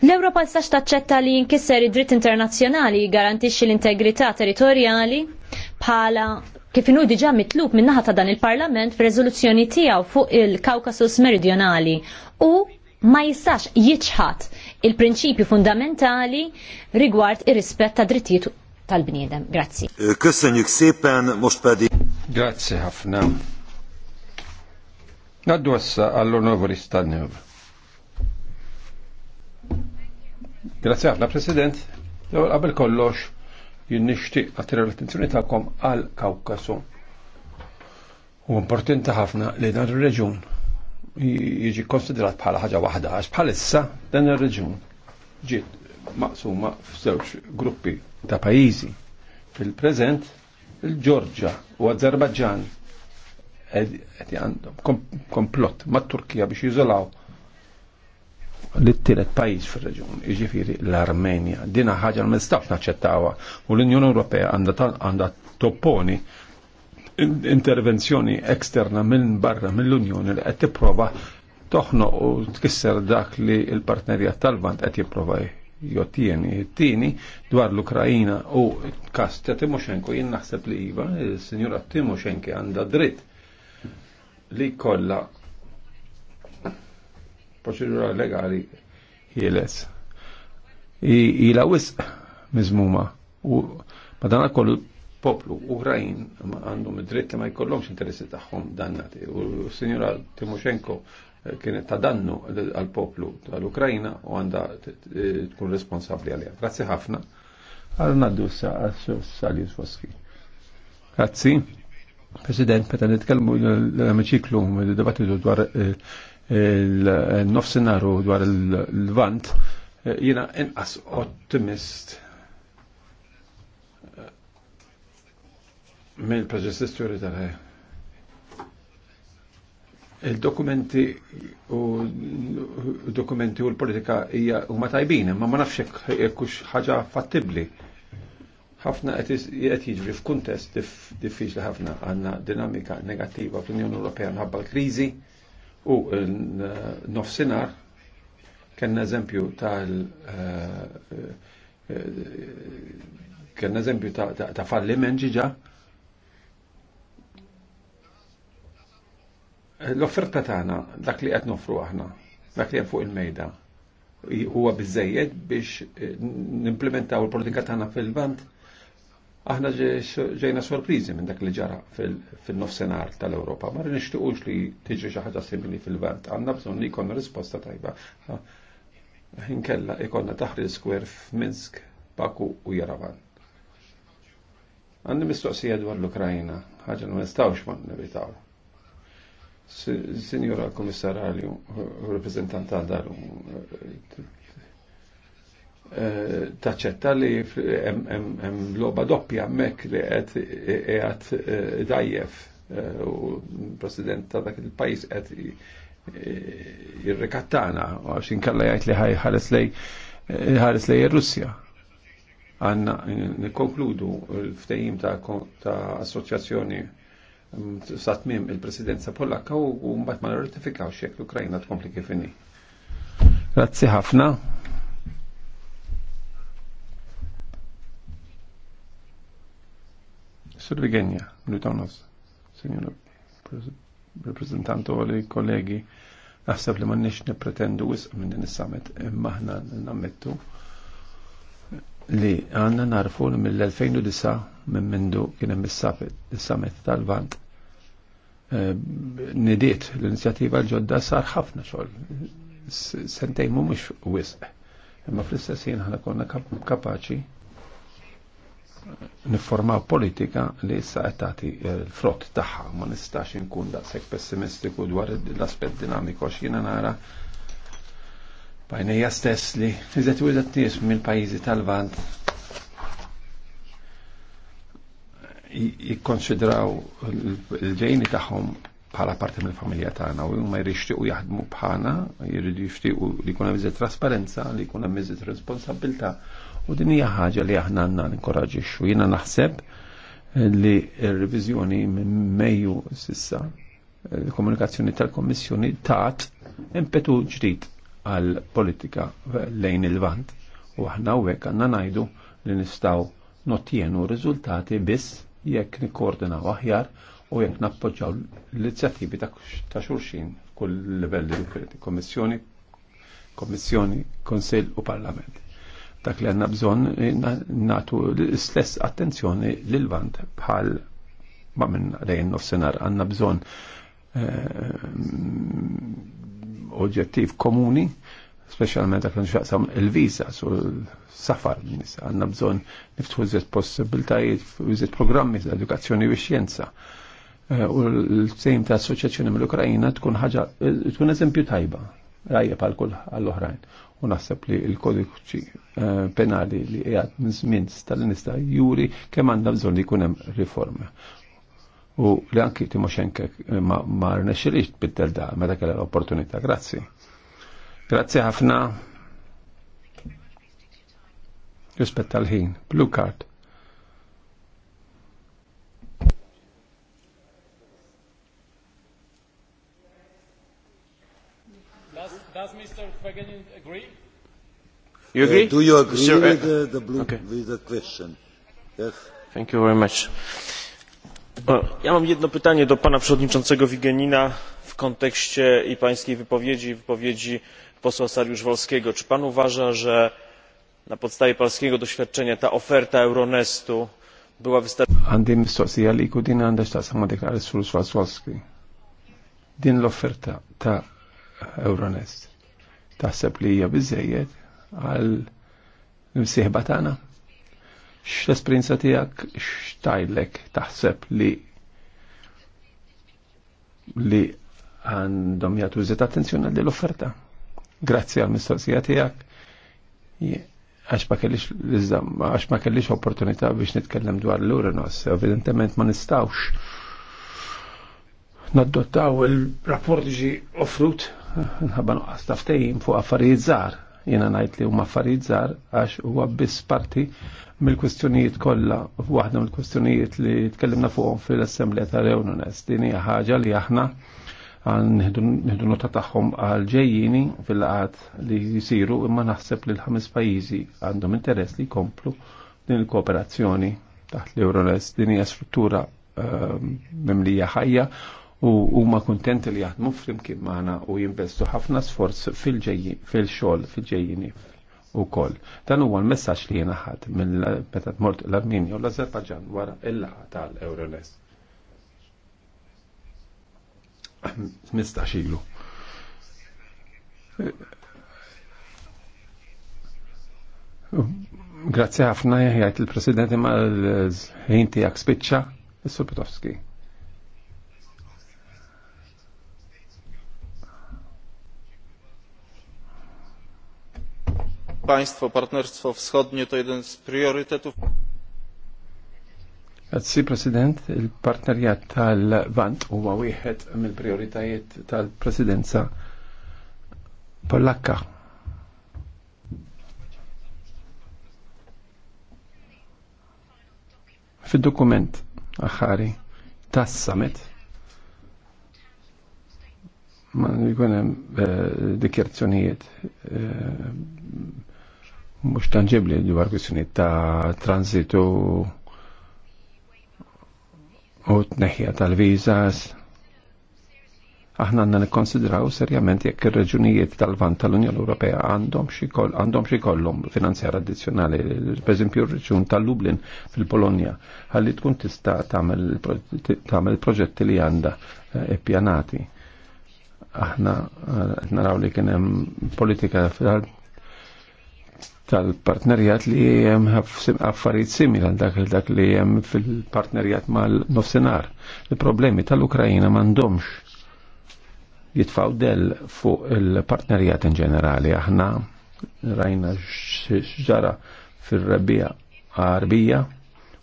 l europa tistax taċċetta li jinkisser id-dritt internazzjonali jgarantixxi l-integrità territorjali bħala kif inhu diġà mitlub min-naħa ta' dan il-Parlament f'reżoluzzjoni tiegħu fuq il-Kawkasus Meridjonali u ma jistax jiċħat il-prinċipju fundamentali rigward ir-rispett ta' drittijiet tal-bniedem. Grazzi. Eh, köszönjük szépen, most Grazzi ħafna. Naddu għassa għall-onovri Stannev. Grazie għafna, President. Qabel kollox, jien nixtieq attira l-attenzjoni tagħkom għal Kawkasu. U importanti ħafna li dan ir-reġun jiġi konsiderat bħala ħaġa waħda għax bħalissa dan ir-reġun ġiet maqsuma f'żewġ gruppi ta' pajjiżi. Fil-preżent il-Ġorġa u Azerbajġan għed għandhom komplott mat-Turkija biex jiżolaw l-tielet pajjiż fir-reġjun, jiġifieri l-Armenja. Dina ħaġa ma nistax naċċettawa u l-Unjoni Ewropea għandha topponi intervenzjoni eksterna minn barra mill-Unjoni li qed tipprova toħno u tkisser dak li l partnerja tal-Vant qed jipprova jottieni t tieni dwar l-Ukrajina u kas ta' Timoshenko jien naħseb li iva, il-Sinjura Timoshenko għandha dritt li kollha proċedura legali ħieles. Ila wisq mizmuma u madana kollu poplu Ukrajin għandhom id-dritt li ma jkollhomx interessi tagħhom dannati. U s-Sinjura Timoshenko eh, kienet ta' dannu għal poplu tal-Ukrajina u għanda tkun responsabli għalija. Grazzi ħafna. Għal naddu s sali s Foski. Grazzi. President, meta nitkellmu l-emiċiklu, dibattitu dwar eh, il nofsenaru dwar il-vant, jina inqas ottimist eh, mill preġestessjoni tal Il-dokumenti u dokumenti u l-politika hija huma tajbin, ma ma nafx hekk ħaġa fattibbli. Ħafna qed jiġri f'kuntest diffiċli ħafna għandna dinamika negattiva fl-Unjoni Ewropea minħabba l-kriżi, U nofsinar kien eżempju tal eh, eh, kien eżempju ta' falliment ġiġa l-offerta tagħna dak li qed nofru aħna, dak li hemm fuq il-mejda, huwa biżejjed biex nimplementaw il-politika tagħna fil-vant aħna ġejna sorpriżi minn dak li ġara fil-nofsenar tal-Ewropa. Ma tuqux li tiġi xi ħaġa simili fil-vant. Għandna bżonn li jkollna risposta tajba. Inkella ikonna taħri skwer f-Minsk, Baku u Jaravan. Għandi mistoqsija dwar l-Ukrajna, ħaġa ma nistawx ma nevitaw. Sinjora Komissarju, rappresentant għal Eh, taċċetta li hemm loba doppja hemmhekk li qed qed eh, dajjef eh, u l-president ta' dak il-pajjiż qed jirrikattana għax inkalla jgħid li ħares lej ħares lej ir-Russja. Għanna nikkonkludu l-ftehim ta' assoċjazzjoni mm, satmim il-presidenza Pollakka u mbagħad ma rratifikawx jekk l-Ukrajna tkompli kif inhi. Grazzi ħafna. Sur Vigenja, minuta u nos, senjor reprezentanto li kollegi, naħseb li mannix nepretendu wisq minn din is-summit, imma aħna nammettu li għanna narfu li mill-2009 minn mindu kien hemm is-summit tal-Vant eh, nidiet l-inizjattiva l-ġodda sar ħafna xogħol. Sentejn mhumiex wisq. Imma fl-istess ħana konna kapaċi niformaw politika li issa qed tagħti l-frott tagħha ma nistax inkun daqshekk pessimistiku dwar l-aspett dinamiku għax jiena nara bajnejja stess li iżet wieħed nies mill-pajjiżi tal-Vant jikkonsidraw l-ġejni tagħhom bħala parti mill-familja tagħna u huma jrixtiequ jaħdmu bħalna, jridu jixtiequ li jkun hemm trasparenza, li jkun hemm responsabilità U din hija ħaġa li aħna għandna nkoraġixxu. Jiena naħseb li r-reviżjoni minn Mejju sissa il-komunikazzjoni tal-Kommissjoni tat impetu ġdid għall politika lejn il-vant. U aħna hawnhekk għandna ngħidu li nistgħu nottienu riżultati biss jekk nikkoordinaw aħjar u jekk nappoġġaw l-inizjattivi ta' xulxin kull livelli differenti, kommissjoni, kommissjoni, konsil u parlament dak li għanna bżon eh, natu l-istess attenzjoni l-vant bħal ma minn lejn nofsenar għanna bżon eh, oġġettiv komuni specialment dak nxaqsam il-visa su safar għanna bżon niftħu zet possibiltajiet, zet programmi ta' edukazzjoni u xjenza. Eh, u l-sejm ta' assoċjazzjoni mill-Ukrajina tkun ħaġa, tkun eżempju tajba, rajja pal kull għall-oħrajn u naħseb li l-kodiċi eh, penali li qiegħed minn żmien nista juri kemm għandna bżonn li jkun hemm riforma. U li anki Timoshenko eh, ma rnexxilix tbiddel da meta kellha l-opportunità. Grazzi. Grazzi ħafna. Rispetta l-ħin. Blue card. Does Mr. Fagenin You agree? Uh, do you agree sure, uh, with, uh, the blue, okay. with the question? Yes. Thank you very much. Ja mam jedno pytanie do pana przewodniczącego Wigenina w kontekście i pańskiej wypowiedzi i wypowiedzi posła Sariusz-Wolskiego. Czy pan uważa, że na podstawie polskiego doświadczenia ta oferta Euronestu była wystarczająca? Din l-offerta ta' Euronest taħseb li hija biżejjed għal l-imsieħba tagħna? esperienza tijak, tiegħek x'tajlek taħseb li li għandhom jagħtu iżet attenzjoni għal l-offerta. Grazzi għal mistoqsija tiegħek. Għax ma kellix għax ma kellix opportunità biex nitkellem dwar l-Uranos, evidentement ma nistawx naddottaw il-rapport ġi offrut nħabba nuqqas taftejn fuq affarijiet żgħar Jena najt li huma affarijiet żgħar għax huwa biss parti mill-kwistjonijiet kollha waħda mill-kwistjonijiet li tkellimna fuqhom fil-Assemblea ta' Reununes. Din hija ħaġa li aħna nħidu nota tagħhom għal ġejjini fil-qat li jisiru imma naħseb li l-ħames pajjiżi għandhom interess li jkomplu din il-kooperazzjoni taħt l-Euronest din hija struttura memlija ehm, ħajja u huma kuntenti li jaħdmu flimkien magħna u jinvestu ħafna sforz fil-ġejjin fil-xogħol fil-ġejjini u koll. Dan huwa l-messaġġ li jiena ħadd minn meta mort l-Arminja u l-Azerbajġan wara il laqgħa tal-Euronest. 15 ilu. Grazie ħafna jgħajt il-Presidenti ma l-ħin tijak spiċċa, il państwo partnerstwo wschodnie to jeden z priorytetów Grazzi President, il-partnerjat tal-Vant huwa wieħed mill-prioritajiet tal-Presidenza Pollakka. Fid-dokument aħħari tas-summit ma jkun hemm eh, dikjerazzjonijiet eh, mhux tanġibli dwar kwistjoni ta' tranzitu u t-neħja tal-vizas. Aħna għandna nikkonsidraw serjament jekk il reġunijiet tal-vant tal-Unjoni Ewropea għandhom xi għandhom kollhom finanzjar addizzjonali, pereżempju r-reġjun tal-Lublin fil-Polonja, ħalli tkun tista' tagħmel proġetti li għandha eh, ippjanati aħna eh, naraw li kienem politika tal-partnerjat li jem affarijiet simili għal dak dak li jem fil-partnerjat mal-nofsenar. Il-problemi tal-Ukrajina mandomx jitfaw del fuq il-partnerjat in ġenerali. Aħna rajna xġara fil rabija għarbija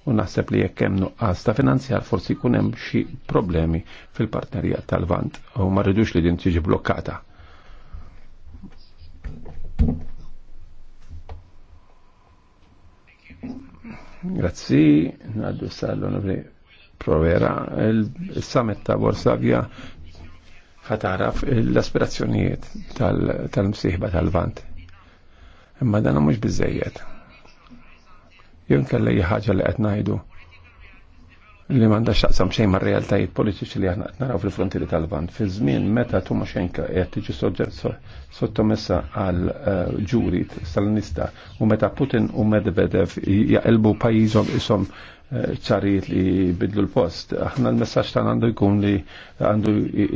u naħseb li jekk hemm nuqqas ta' finanzjar forsi jkun hemm xi problemi fil-partnerjat tal-Vant u ma rridux li din tiġi blokkata. Grazzi, naddu sallu onorevoli Provera, il-summit ta' Borsavia ħataraf l-aspirazzjonijiet tal-msiħba tal-vant. Imma dan mhux bizzejiet. Jien kella ħaġa li qed ngħidu li manda xaqsam xejn ma' realtajiet politiċi li aħna naraw fil frontiri tal-Vant. Fil-żmien meta Tumashenka qed tiġi sottomessa għal eh, ġuri stalinista u meta Putin u Medvedev jaqilbu pajjiżhom isom eh, ċarijiet li bidlu l-post. Aħna l-messaġġ tagħna għandu jkun li għandu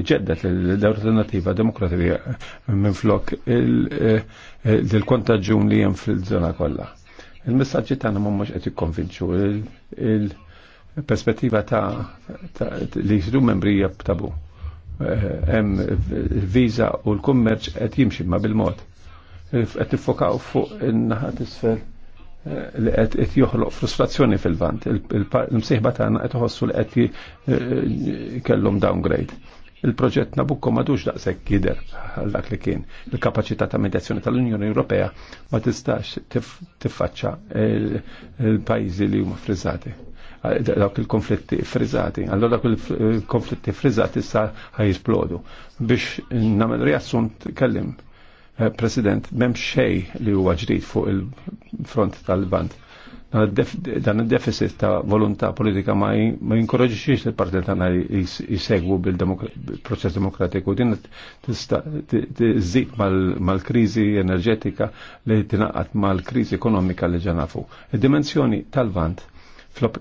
ġeddet l-alternativa demokratika eh, minn flok il kontagġun li hemm fil zona kollha. Il-messaġġi tagħna mhumiex qed jikkonvinċu perspettiva ta', li jisidu membrija b'tabu. Hemm eh, il-viża u l-kummerċ qed jimxi ma bil-mod. Eh, qed tiffokaw fuq in-naħa tisfel eh, li qed joħloq frustrazzjoni fil-vant. Il-msieħba tagħna qed iħossu li qed kellhom downgrade il-proġett Nabucco madux daqshekk daqseg għal dak li kien. Il-kapaċità ta' medjazzjoni tal-Unjoni Ewropea ma tistax tiffaċċa il-pajjiżi li huma frizzati eh, dawk il-konflitti frizzati. Allora dawk il-konflitti frizzati sa ħajisplodu. Biex namel riassunt kellim, eh, President, memx xej li huwa ġdid fuq il-front tal-band dan il-deficit ta' volontà politika ma jinkoraġiċiex il partiet għana jisegwu bil-proċess demokratiku. Din tiżid mal krizi enerġetika li t-naqqat mal krizi ekonomika li ġanafu. il dimensjoni tal-vant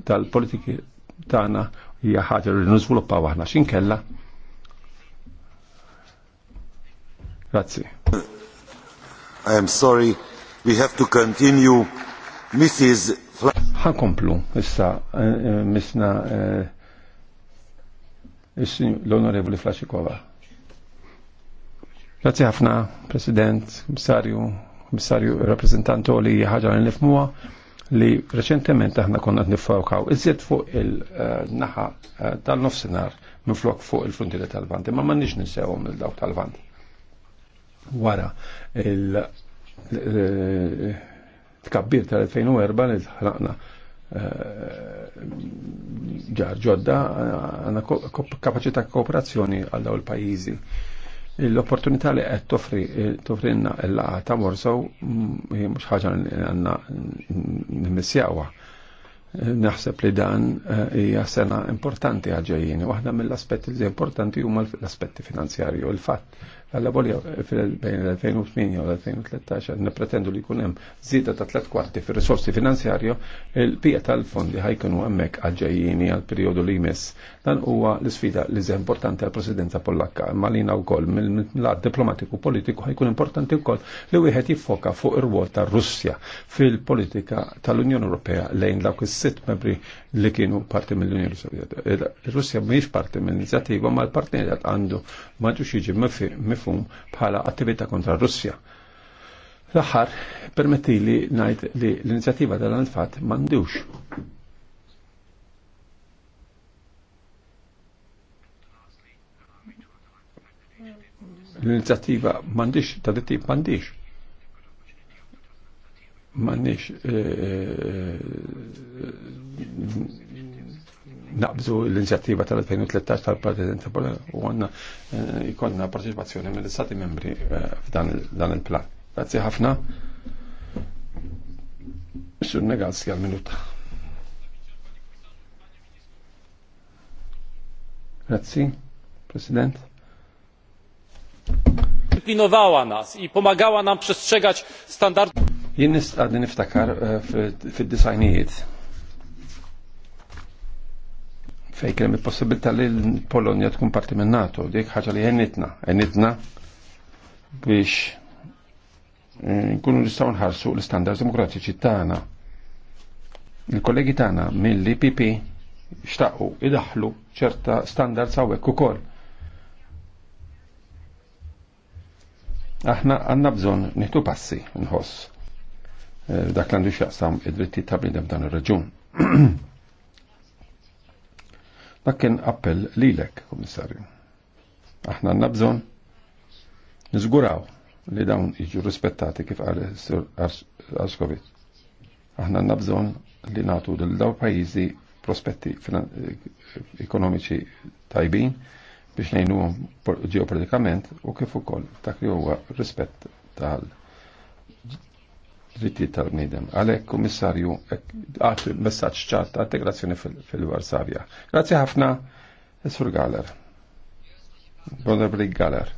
tal-politiki tagħna hija ħaġa li niżviluppaw aħna x'inkella. Grazzi. I am sorry, we have to continue Mrs. Ħankomplu, issa, eh, eh, misna eh, l-Onorevoli Flaxikova. Grazie ħafna, President, Komissarju, Komissarju, Rappresentanto li ħagġa nifmuwa li reċentement aħna konna nifawkaw iżjed fuq il-naħa tal nofsenar minn flok fuq il-frontiera tal-vant, ma mannix nisewhom il-dawk tal-vant. Wara, tkabbir tal-2004 li ħlaqna eh, ġar ġodda eh, għanna kapacita kooperazzjoni għal daw il-pajizi. L-opportunità li qed toffri eh, toffrinna l-laqa ta' Morsow mm, mhux ħaġa għandna nimissjawha. Naħseb li dan hija sena importanti għal ġejjin. Waħda mill-aspetti li importanti huma l-aspetti finanzjarju. Il-fatt Għalla bolja bejn l-2008 u l-2013 nipretendu li kunem zida ta' tlet kwarti fil risorsi finanzjarju il-pija tal-fondi ħajkunu għammek għalġejjini għal periodu li jmiss. Dan huwa l-sfida li zeħ importanti għal presidenza pollakka malina u kol mill-lat diplomatiku politiku ħajkun importanti u kol li wieħed jiffoka fuq ir ruol ta' Russja fil-politika tal-Unjoni Ewropea lejn dawk is-sitt membri li kienu parti mill-Unjoni Sovjetika. Russja mhijiex parti mill-inizjattiva ma l-partnerjat għandu maġux jiġi mifhum bħala attività kontra Russja. L-aħħar permetti li ngħid li l-inizjattiva tal-anfat m'għandux l-inizjattiva mandiġ, ta' ditti mandiġ mannix eh, eh, eh, naqbżu l-inizjattiva tal-2013 tal-Partit Popola u għanna jikonna partecipazzjoni mill-Stati membri f'dan il-plan. Grazie ħafna. Sur negazzi għal-minuta. Grazie, President. Dyscyplinowała nas i pomagała nam przestrzegać standardów. Jien nistaqdi niftakar eh, fid-disajnijiet fej kien il-possibilità li l-Polonja tkun parti minn NATO, dik ħaġa li għenitna, jennitna biex eh, nkunu nistaw nħarsu l standard demokratiċi tagħna. Il-kollegi tagħna mill-IPP xtaqu idaħlu ċerta standards hawnhekk ukoll. Aħna għandna bżonn nieħdu passi nħoss Eh, dak l-għandu xaqsam id-dritti ta' bnidem dan ir-raġun. Dak kien appell lilek, komissarju. Aħna n bżonn niżguraw li dawn jiġu rispettati kif qal sur Arskovic. Aħna n bżonn li nagħtu lil daw pajjiżi prospetti eh, ekonomiċi tajbin biex ngħinuhom ġeopolitikament u kif ukoll dak li huwa rispett tal- drittijiet tal bnidem. Għale, komissarju, għat messaġġ ċar ta' integrazzjoni fil varsavia Grazzi ħafna, Sur Galler. Bonabri Galler.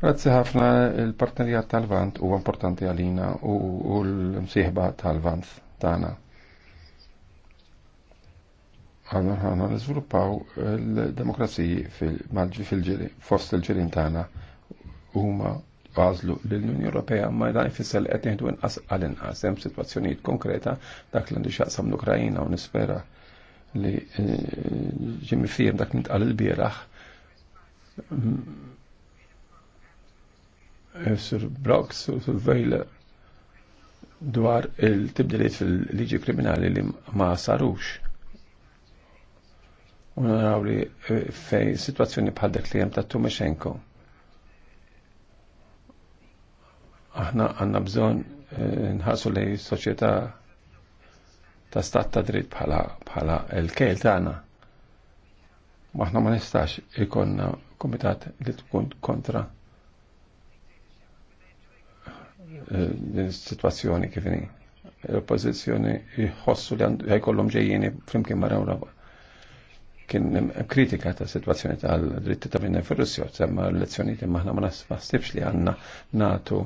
Grazzi ħafna il-partnerijat tal-Vant u importanti għalina u l-msieħba tal-Vant tagħna. Għadna ħana niżviluppaw il-demokrazija fil ġirin fost il-ġirin tagħna huma bażlu l-Unjoni Ewropea ma dan ifisser li qed nieħdu inqas għal inqas hemm sitwazzjonijiet konkreta dak li xaqsam l-Ukrajina u nispera li eh, ġimmi fiem dak nitqal il-bieraħ eh, Sir Brox u Sir Vejle dwar il-tibdiliet fil-liġi kriminali li ma sarux. Unaraw li eh, fej situazzjoni bħal dak li jem ta' Tumashenko aħna għanna bżon eh, nħasu li soċjetà ta' stat ta' dritt bħala bħala l-kejl tagħna. Maħna ma nistax ikonna komitat li tkun kontra eh, din situazzjoni kif l-oppożizzjoni jħossu li jkollhom ġejjieni flimkien mara u kien kritika ta' situazzjoni tal-dritti ta' minna fil-Russja, semma l lezzjoni imma maħna ma nasfastibx li għanna natu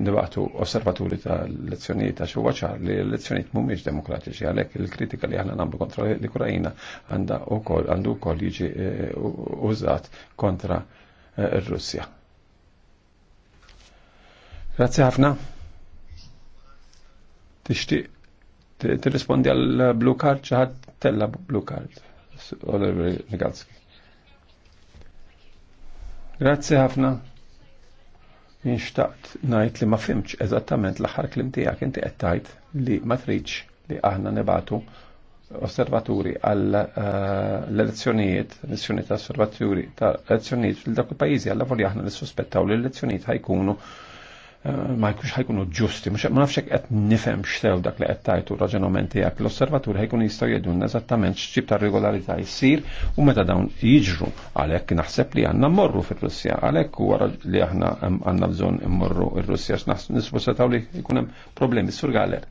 nibatu osservaturi ta' lezzjonijiet ta' xuwaċar li l-lezzjonijiet mumiex demokratiċi għalek il-kritika li għanna namlu kontra l-Ukrajina għanda u kol għandu kol jiġi użat kontra il-Russja. Grazie ħafna. Tixtieq tirrispondi għal blue card ċaħat tella blue card. Oliver Legalski. Grazzi ħafna. Jinxtaqt najt li ma fimx eżattament l axar klim tiegħek inti għettajt li ma tridx li aħna nebatu osservaturi għall eh, l-elezzjonijiet, elezzjonijiet osservaturi ta' elezzjonijiet fil-dak il-pajjiżi għal-lavoli aħna nissuspettaw li l-elezzjonijiet ħajkunu ma jkunx ħajkunu ġusti, ma ma nafxek qed nifhem x'sew dak li qed tajtu raġunamenti jak l-osservatur ħajkun jistgħu jgħidu eżattament x'ġib ta' regolarità jsir u meta dawn jiġru għalhekk naħseb li għandna mmorru fir-Russja għalhekk huwa li aħna għandna bżonn immorru ir-Russja nisbu setgħu li jkun hemm problemi. Sur galer.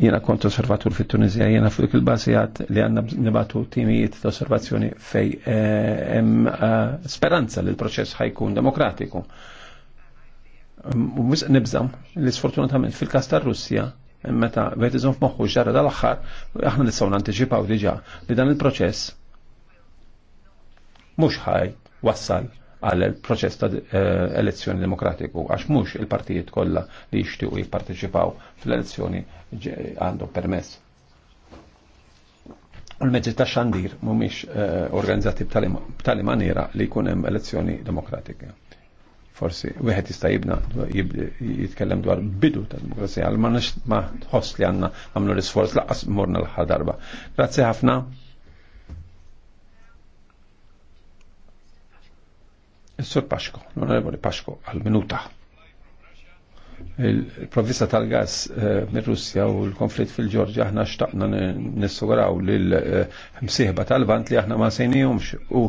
Jena kont osservatur fit tunizija jena fuq il-bazijat li għanna nibatu timijiet ta' osservazzjoni fej eh, hemm eh, speranza li l-proċess ħajkun demokratiku. U mis nibżam li sfortunatament fil-kas ta' Russja meta għet moħħu f'moħħu ġara dal aħħar aħna nistgħu nanteċipaw diġà li dan il-proċess mhux ħaj wassal għal proċess ta' eh, elezzjoni demokratiku, għax mhux il-partijiet kollha li jixtiequ jipparteċipaw fl-elezzjoni għandhom permess. U l-mezzi ta' xandir mhumiex eh, organizzati b'tali maniera li jkun hemm elezzjoni demokratika. Forsi wieħed jista' jibna jitkellem dwar bidu ta' demokrazija, għal ma tħoss li għandna għamlu l-isforz laqas morna l-ħadarba. Grazzi ħafna. Sur Paxko, l-Onorevoli Paxko, għal-minuta il-provvista tal-gas eh, mir russja u l-konflitt fil-ġorġa aħna xtaqna nissuguraw l-msiħba eh, tal-vant li aħna ma sejnijomx u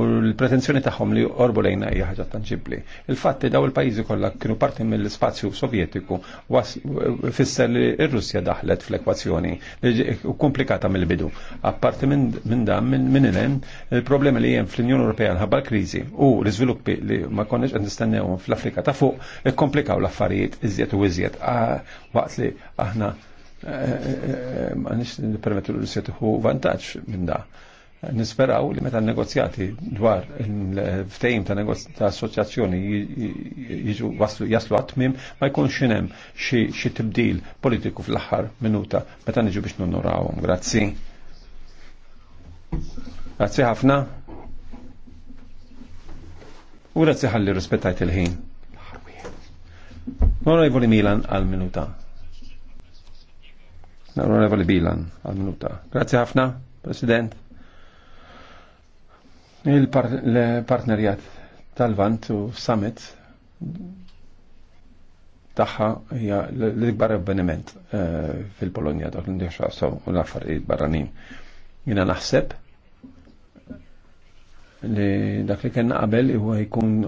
l-pretenzjoni tagħhom li orbu lejna hija ħaġa tanġibli. Il-fatt li daw il-pajjiżi kollha kienu parti mill-spazju Sovjetiku fisser li r-Russja daħlet fl-ekwazzjoni li komplikata mill-bidu. Apparti minn dan minn hemm il-problemi li hemm fl-Unjoni Ewropea nħabba l-kriżi u l-iżviluppi li ma konniex qed nistennewhom fl-Afrika ta' fuq ikkomplikaw l-affarijiet iżjed u iżjed. Waqt li aħna eh, eh, eh, ma nix nipermetu l-Russja uħu vantaġġ minn da. Nisperaw li meta negozjati dwar il-ftejim ta' ta' assoċjazzjoni jiġu jaslu għatmim ma jkunx xinem xi tibdil politiku fl-aħħar minuta meta niġu biex nonnorawhom. Grazzi. Grazzi ħafna. U grazzi ħalli rispettajt il-ħin. Onorevoli Milan għal minuta. Onorevoli Milan għal minuta. Grazie ħafna, President. Il-partnerjat tal-Vant u Summit taħħa hija l-ikbar avveniment eh, fil-Polonja dak l-indiex u l-affarijiet barranin. Jina naħseb li dak li kena qabel huwa jkun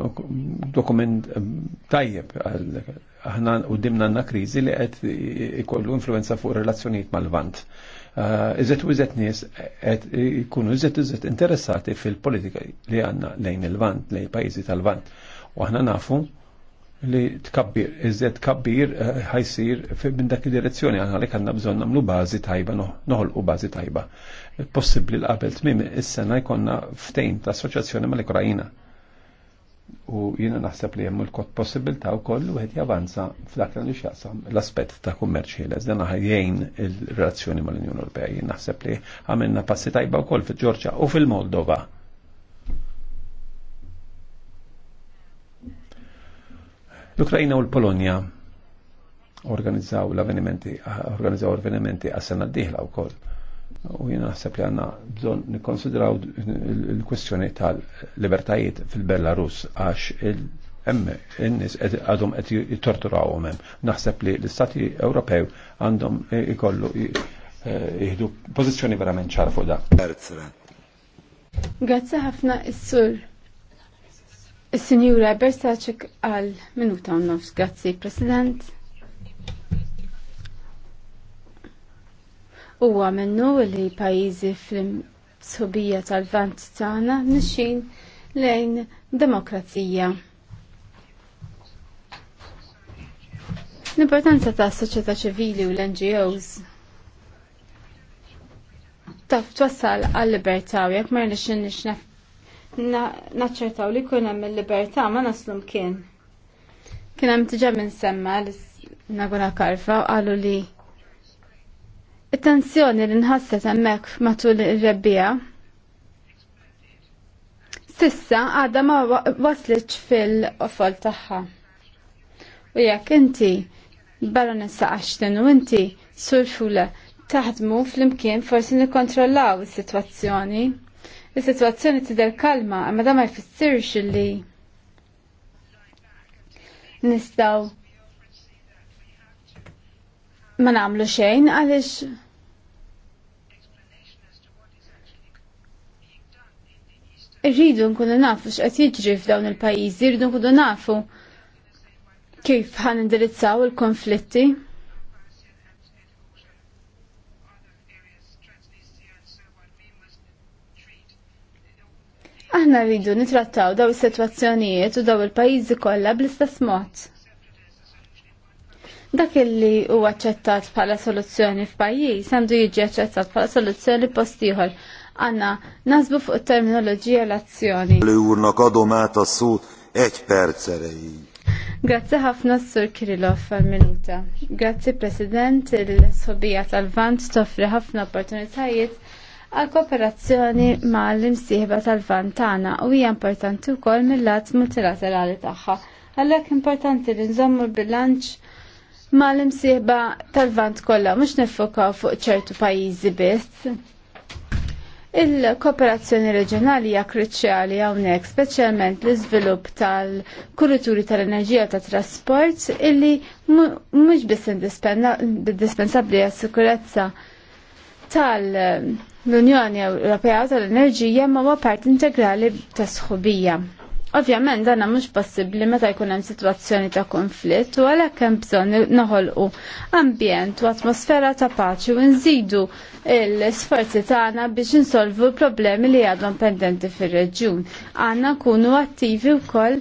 dokument eh, tajjeb aħna u dimna għanna krizi li qed ikollu influenza fuq relazzjonijiet mal-vant. Eh, iżet u iżet nies għed jkunu iżet iżet interessati fil-politika li għanna lejn il-vant, lejn pajjiżi tal-vant. U aħna nafu li tkabbir, iżet kabbir eh, ħajsir minn dak id-direzzjoni għanna li għanna bżon namlu bazi tajba, noħolqu bazi tajba possibbli l-qabel tmim is-sena jkollna ftejn ta' assoċjazzjoni mal-Ukrajina. U jiena naħseb li hemm l kot possibilità wkoll wieħed javanza f'dak li xjaqsam l-aspett ta' kummerċ ħieles dan jgħin il-relazzjoni mal-Unjoni Ewropea. Jien naħseb li għamilna passi tajba wkoll fil-Ġorġa u fil-Moldova. l ukrajina u l polonia organizzaw l-avvenimenti, organizzaw avvenimenti għas-sena d-dieħla wkoll U jina naħseb li għanna bżon nikonsidraw il-kwestjoni tal-libertajiet fil-Belarus għax il emm il nis għadhom għet jittorturaw għomem. Naħseb li l-Istati Ewropew għandhom ikollu eh, jihdu pozizjoni verament ċara fuq da. Grazie ħafna s-sur. Is-Sinjura Bersaċek għal minuta un nofs. Grazie, President. Huwa minnu li pajjiżi fl-sħubija tal-vant tagħna nixin lejn demokrazija. L-importanza ta' soċjetà ċivili u l-NGOs ta' twassal għal-libertà u jekk ma rnexxinniex naċċertaw li jkun hemm il-libertà ma naslu mkien. Kien hemm diġà minn semma l-naguna karfa qalu li it-tensjoni li nħasset hemmhekk matul ir-rebbija sissa għadha ma waslitx fil-qofol tagħha. U jekk inti baronessa Ashton u inti surfula taħdmu fl-imkien forsi nikkontrollaw is-sitwazzjoni. Is-sitwazzjoni tidher kalma, imma da ma jfissirx li nistgħu ma namlu xejn għaliex Irridu nkunu nafu x'qed jiġri f'dawn il-pajjiżi, irridu nkunu nafu kif ħan indirizzaw il-konflitti. Aħna rridu nitrattaw daw is-sitwazzjonijiet u daw il-pajjiżi kollha bl-istess mod. Dak illi u aċċettat bħala soluzzjoni f'pajjiż għandu jiġi aċċettat bħala soluzzjoni postiħol. Għanna, nazbu fuq terminoloġija l-azzjoni. Li urna kadu meta s eċ perzerej. Grazzi ħafna s-sur Kirillov għal-minuta. Grazzi President, il-sobija tal-Vant toffri ħafna opportunitajiet għal kooperazzjoni ma' l-imsieħba tal vantana tagħna u hija importanti wkoll mill-lat multilaterali tagħha. Għalhekk importanti li nżommu l-bilanċ mal-imsieħba tal-vant kollha mhux niffokaw fuq ċertu pajjiżi biss. Il-kooperazzjoni reġjonali hija kruċjali hawnhekk speċjalment l-iżvilupp tal-kurituri tal-enerġija ta' trasport illi mhux biss indispensabbli għas-sikurezza tal-Unjoni Ewropea tal-Enerġija ma huwa part integrali tas-sħubija. Ovvjament dan mhux possibbli meta jkun hemm sitwazzjoni ta' konflitt u għalhekk hemm bżonn noħolqu ambjent u atmosfera ta' paċi u nżidu l-isforzi tagħna biex insolvu l-problemi li għadhom pendenti fir-reġjun. Għandna nkunu attivi wkoll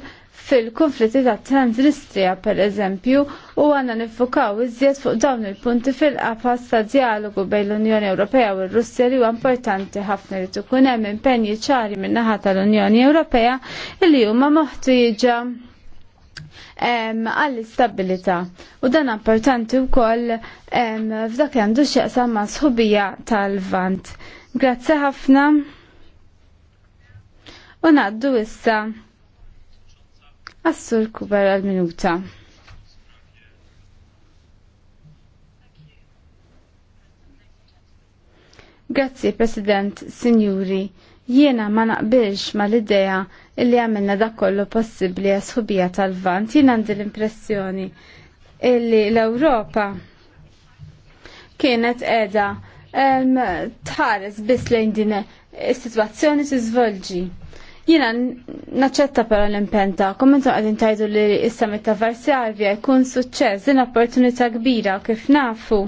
fil-konflitti ta' Transnistria per eżempju u għanna nifukaw iżjed fuq dawn il-punti fil-qafas ta' dialogu bejn l-Unjoni Ewropea u r-Russja li huwa importanti ħafna li tkun hemm impenji ċari min naħa tal-Unjoni Ewropea li huma moħtieġa għall-istabilità u dan importanti wkoll f'dak li għandu x'jaqsam ma' sħubija tal-Vant. Grazzi ħafna u ngħaddu issa Assur kubar għal-minuta. Grazzi, President, Signori, jiena ma naqbilx ma l-idea illi għamilna da kollu possibli għasħubija tal-vant, jiena għandi l-impressjoni illi l-Europa kienet edha tħares bis lejn din is-situazzjoni tiżvolġi. Jena, naċċetta però l-impenta, kommentu għadin tajdu li issa summit ta' Varsavia jkun suċċess, din opportunità kbira kif nafu.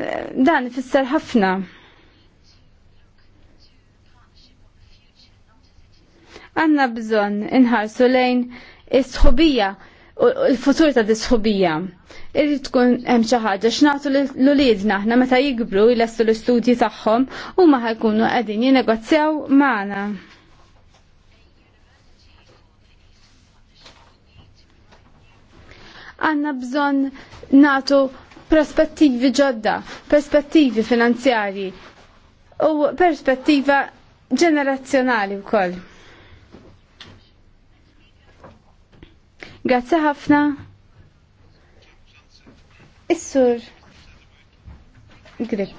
Eh, dan ifisser ħafna. Għanna bżon inħarsu lejn is-sħubija u l-futur ta' dis-sħubija irrid tkun hemm xi ħaġa x'nagħtu l-uliedna aħna meta jikbru jlessu l-istudji tagħhom huma ħajkunu qegħdin jinegozjaw magħna. Għanna bżon natu prospettivi ġodda, perspettivi finanzjarji u perspettiva ġenerazzjonali wkoll. Grazzi ħafna. Is-sur Grip.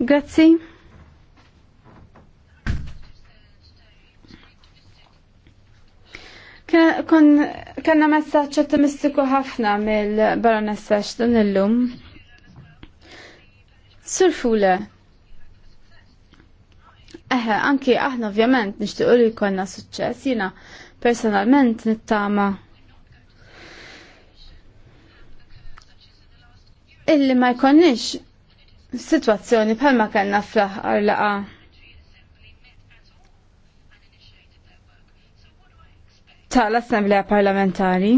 Grazzi. Kon kanna messaċ ottimistiku ħafna mill-baronessa x'dan illum. Sur Fule. Eħe, anki aħna ovvjament nixtiequ li jkollna suċċess, jiena personalment nittama' illi ma jkonniex situazzjoni bħalma kellna fl aħħar laqa. tal-Assemblea Parlamentari.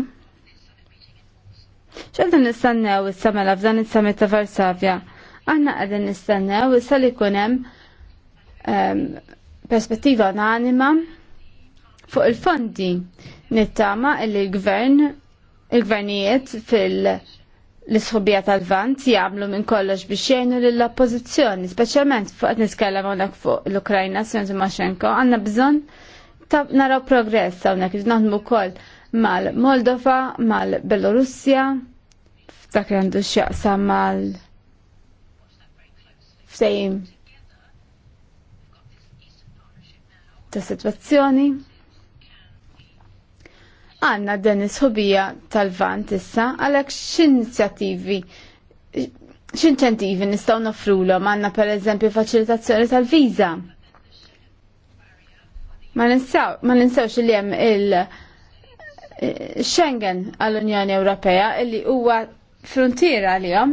ċelta nistennew is-samela f'dan is-summit ta' Varsavja. Għanna għedin nistennew issa li jkun hemm ehm, perspettiva unanima fuq il-fondi nittama illi gvern il-gvernijiet fil- l-isħubija tal-vant jagħmlu minn kollox biex jgħinu lill-oppożizzjoni, speċjalment fuq qed niskellem hawnhekk fuq l-Ukrajna Sjenzu Maxenko, għandna bżonn ta' naraw progress hawnhekk irid naħdmu wkoll mal-Moldova, mal-Belorussja, f'dak li għandu x'jaqsa mal ftehim ta' sitwazzjoni għanna Dennis Hobija tal-vant issa għalek x'inizjattivi x'inċentivi nistgħu nofrulhom għandna pereżempju faċilitazzjoni tal-viża. Ma ninsaw, ma ninsawx li hemm il Schengen għall-Unjoni Ewropea illi huwa frontiera għalihom.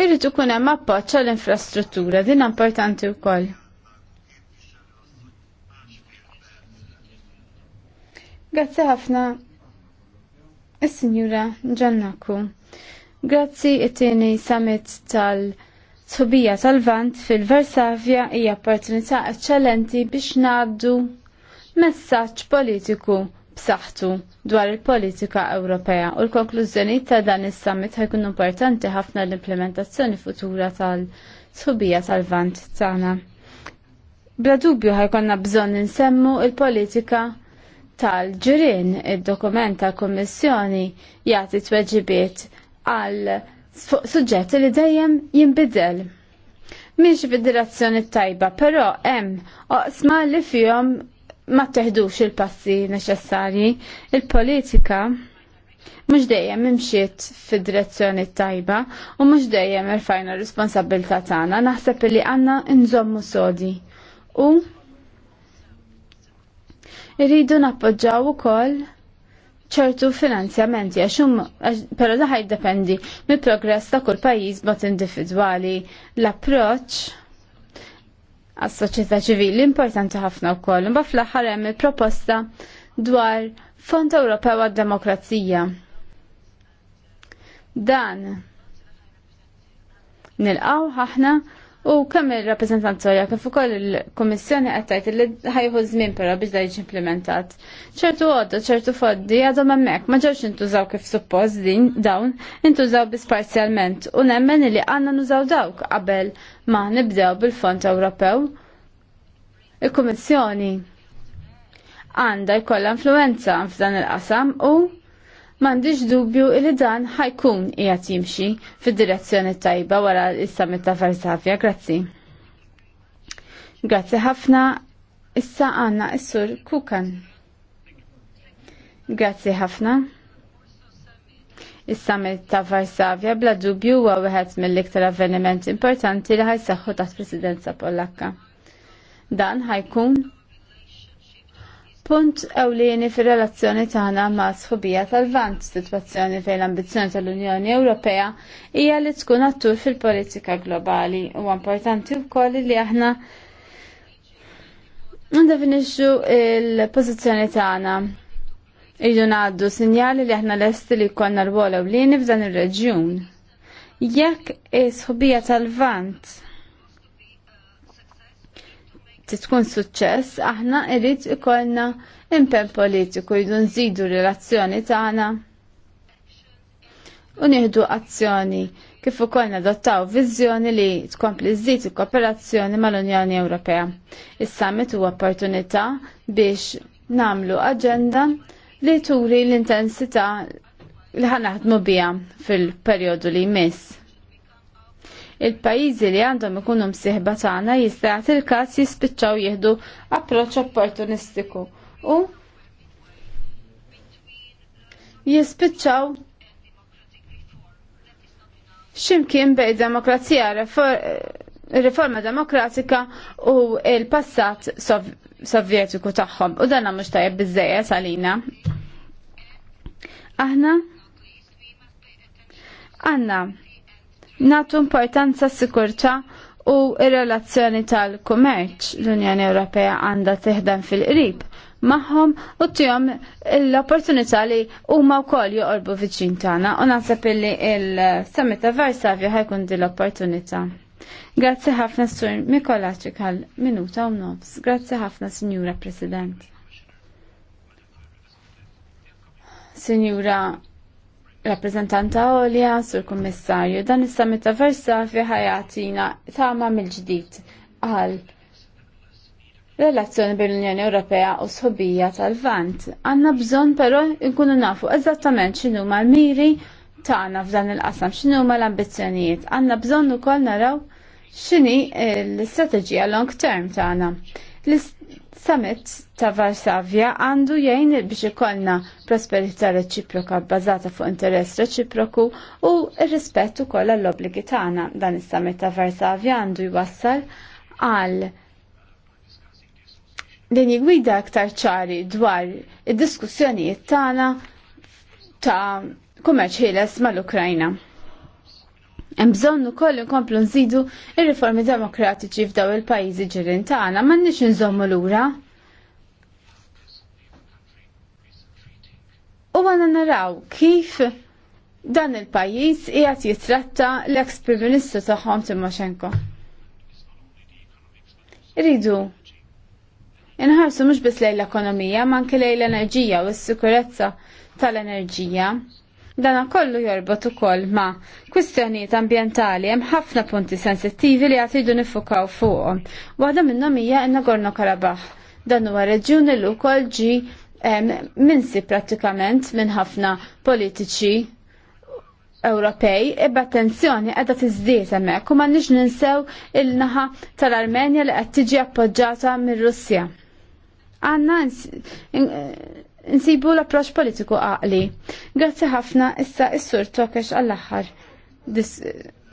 Irrid ikun hemm appoġġ għall-infrastruttura din importanti wkoll. Grazzi ħafna is-Sinjura Ġannaku. Grazzi it-tieni summit tal- tobija tal-vant fil-Versavja hija opportunità eċċellenti biex ngħaddu messaġġ politiku b'saħħtu dwar il-politika Ewropea u l-konklużjoni ta' dan is-summit ħajkun importanti ħafna l-implementazzjoni futura tal-sħubija tal-vant tagħna. Bla dubju ħajkonna bżonn insemmu il-politika tal-ġirien id-dokument il politika tal ġirien id dokument tal kommissjoni jagħti tweġibiet għal suġġetti li dejjem jinbidel. Miex fid-direzzjoni tajba, però hemm oqsma li fihom ma teħdux il-passi neċessarji. Il-politika mhux dejjem imxiet fid-direzzjoni tajba u mhux dejjem irfajna r-responsabilità tagħna naħseb li għandna nżommu sodi. U irridu nappoġġaw ukoll ċertu finanzjamenti għax pero però daħaj jiddependi mill-progress ta' kull pajjiż bot individwali. L-approċċ għas soċjetà ċivili importanti ħafna wkoll. Imbagħad fl-aħħar hemm il-proposta dwar Fond Ewropew għad-Demokrazija. Dan nilqgħu ħafna. U kemm il-rappresentant Sorja kif ukoll il-Kummissjoni qed tgħid li ħajħu żmien però biex dan jiġi implementat. ċertu għoddu, ċertu foddi għadhom hemmhekk ma ġewx intużaw kif suppost din dawn, intużaw biss parzjalment u nemmen li għandna nużaw dawk qabel ma nibdew bil-Fond Ewropew. Il-Kummissjoni għandha jkollha influenza f'dan il-qasam u M'għandix dubju li dan ħajkun qiegħed jimxi fid-direzzjoni tajba wara is-summit ta' Varsavja. Grazzi. Grazzi ħafna. Issa għanna s sur Kukan. Grazzi ħafna. Is-summit ta' Varsavja bla dubju huwa wieħed mill-iktar avveniment importanti li ħajseħħu taħt Presidenza Pollakka. Dan ħajkun Punt ewlieni fir-relazzjoni tagħna ma' sħubija tal-vant sitwazzjoni fejn l-ambizzjoni tal-Unjoni Ewropea hija li tkun attur fil-politika globali u importanti wkoll li aħna Ndefinixxu il-pożizzjoni tagħna. Irridu ngħaddu sinjali li aħna lesti li jkollna rwol ewlieni f'dan ir-reġjun. Jekk is-ħubija tal-vant tkun suċċess, aħna irrid ikollna impen politiku jridu nżidu relazzjoni tagħna u nieħdu azzjoni kif ukoll nadottaw viżjoni li tkompli żżid il-kooperazzjoni mal-Unjoni Ewropea. Is-summit huwa opportunità biex namlu aġenda li turi l-intensità li ħanaħdmu biha fil-perjodu li jmiss il-pajjiżi li għandhom ikunu msieħba tagħna jista' il-każ jispiċċaw jieħdu approċċ opportunistiku u jispiċċaw ximkien bej demokrazija riforma demokratika u il-passat sov sovjetiku tagħhom u dan mhux tajjeb biżejjed għalina. Aħna għanna natu importanza sikurta u ir-relazzjoni tal-kummerċ l-Unjoni Ewropea għandha teħdem fil-qrib magħhom u tijom l-opportunità li huma wkoll joqorbu viċin tagħna u nasab illi il-Summit ta' Varsavja ħajkun di l-opportunità. Grazzi ħafna Sur Mikola għal minuta u nofs. Grazzi ħafna s-signura President. Signura rappresentanta Olja, sur kummissarju, dan is-summit ta' Varsavja ħajatina tama mill-ġdid għal relazzjoni bejn l-Unjoni Ewropea u sħobija tal-Vant. Għandna bżonn però nkunu nafu eżattament x'inhu mal-miri tagħna f'dan il-qasam, x'inhu mal-ambizzjonijiet. Għandna bżonn ukoll naraw x'inhi l-istrateġija long term tagħna Summit ta' Varsavja għandu jgħin biex ikollna prosperità reċiproka bbażata fuq interess reċiproku u r-rispett ukoll għall-obbligi tagħna. Dan is-Summit ta' Varsavja għandu jwassal għal din jigwida aktar ċari dwar id-diskussjonijiet tagħna ta' kummerċ ħieles mal-Ukrajna. Hemm bżonn ukoll inkomplu nżidu ir-riformi demokratiċi f'daw il-pajjiżi ġirin tagħna m'għandniex inżommu lura. U għanna naraw kif dan il-pajjiż qiegħed jitratta l-eks Prim Ministru tagħhom Timoshenko. Iridu inħarsu mhux biss lejn l-ekonomija, ma anke lejn l-enerġija u s-sikurezza tal-enerġija. Dan kollu jorbot ukoll ma' kwistjonijiet ambjentali hemm ħafna punti sensittivi li qed jridu nifukaw fuqhom. Waħda minnhom hija Nagorno Karabakh. Dan huwa reġjun li wkoll ġi minsi prattikament minn ħafna politiċi Ewropej, ebba attenzjoni qiegħda tiżdied hemmhekk u m'għandniex ninsew il-naħa tal-Armenja li qed tiġi appoġġjata mir-Russja. Għandna nsibu l-approċ politiku għaqli. Grazzi ħafna issa is-sur tokex għall-aħħar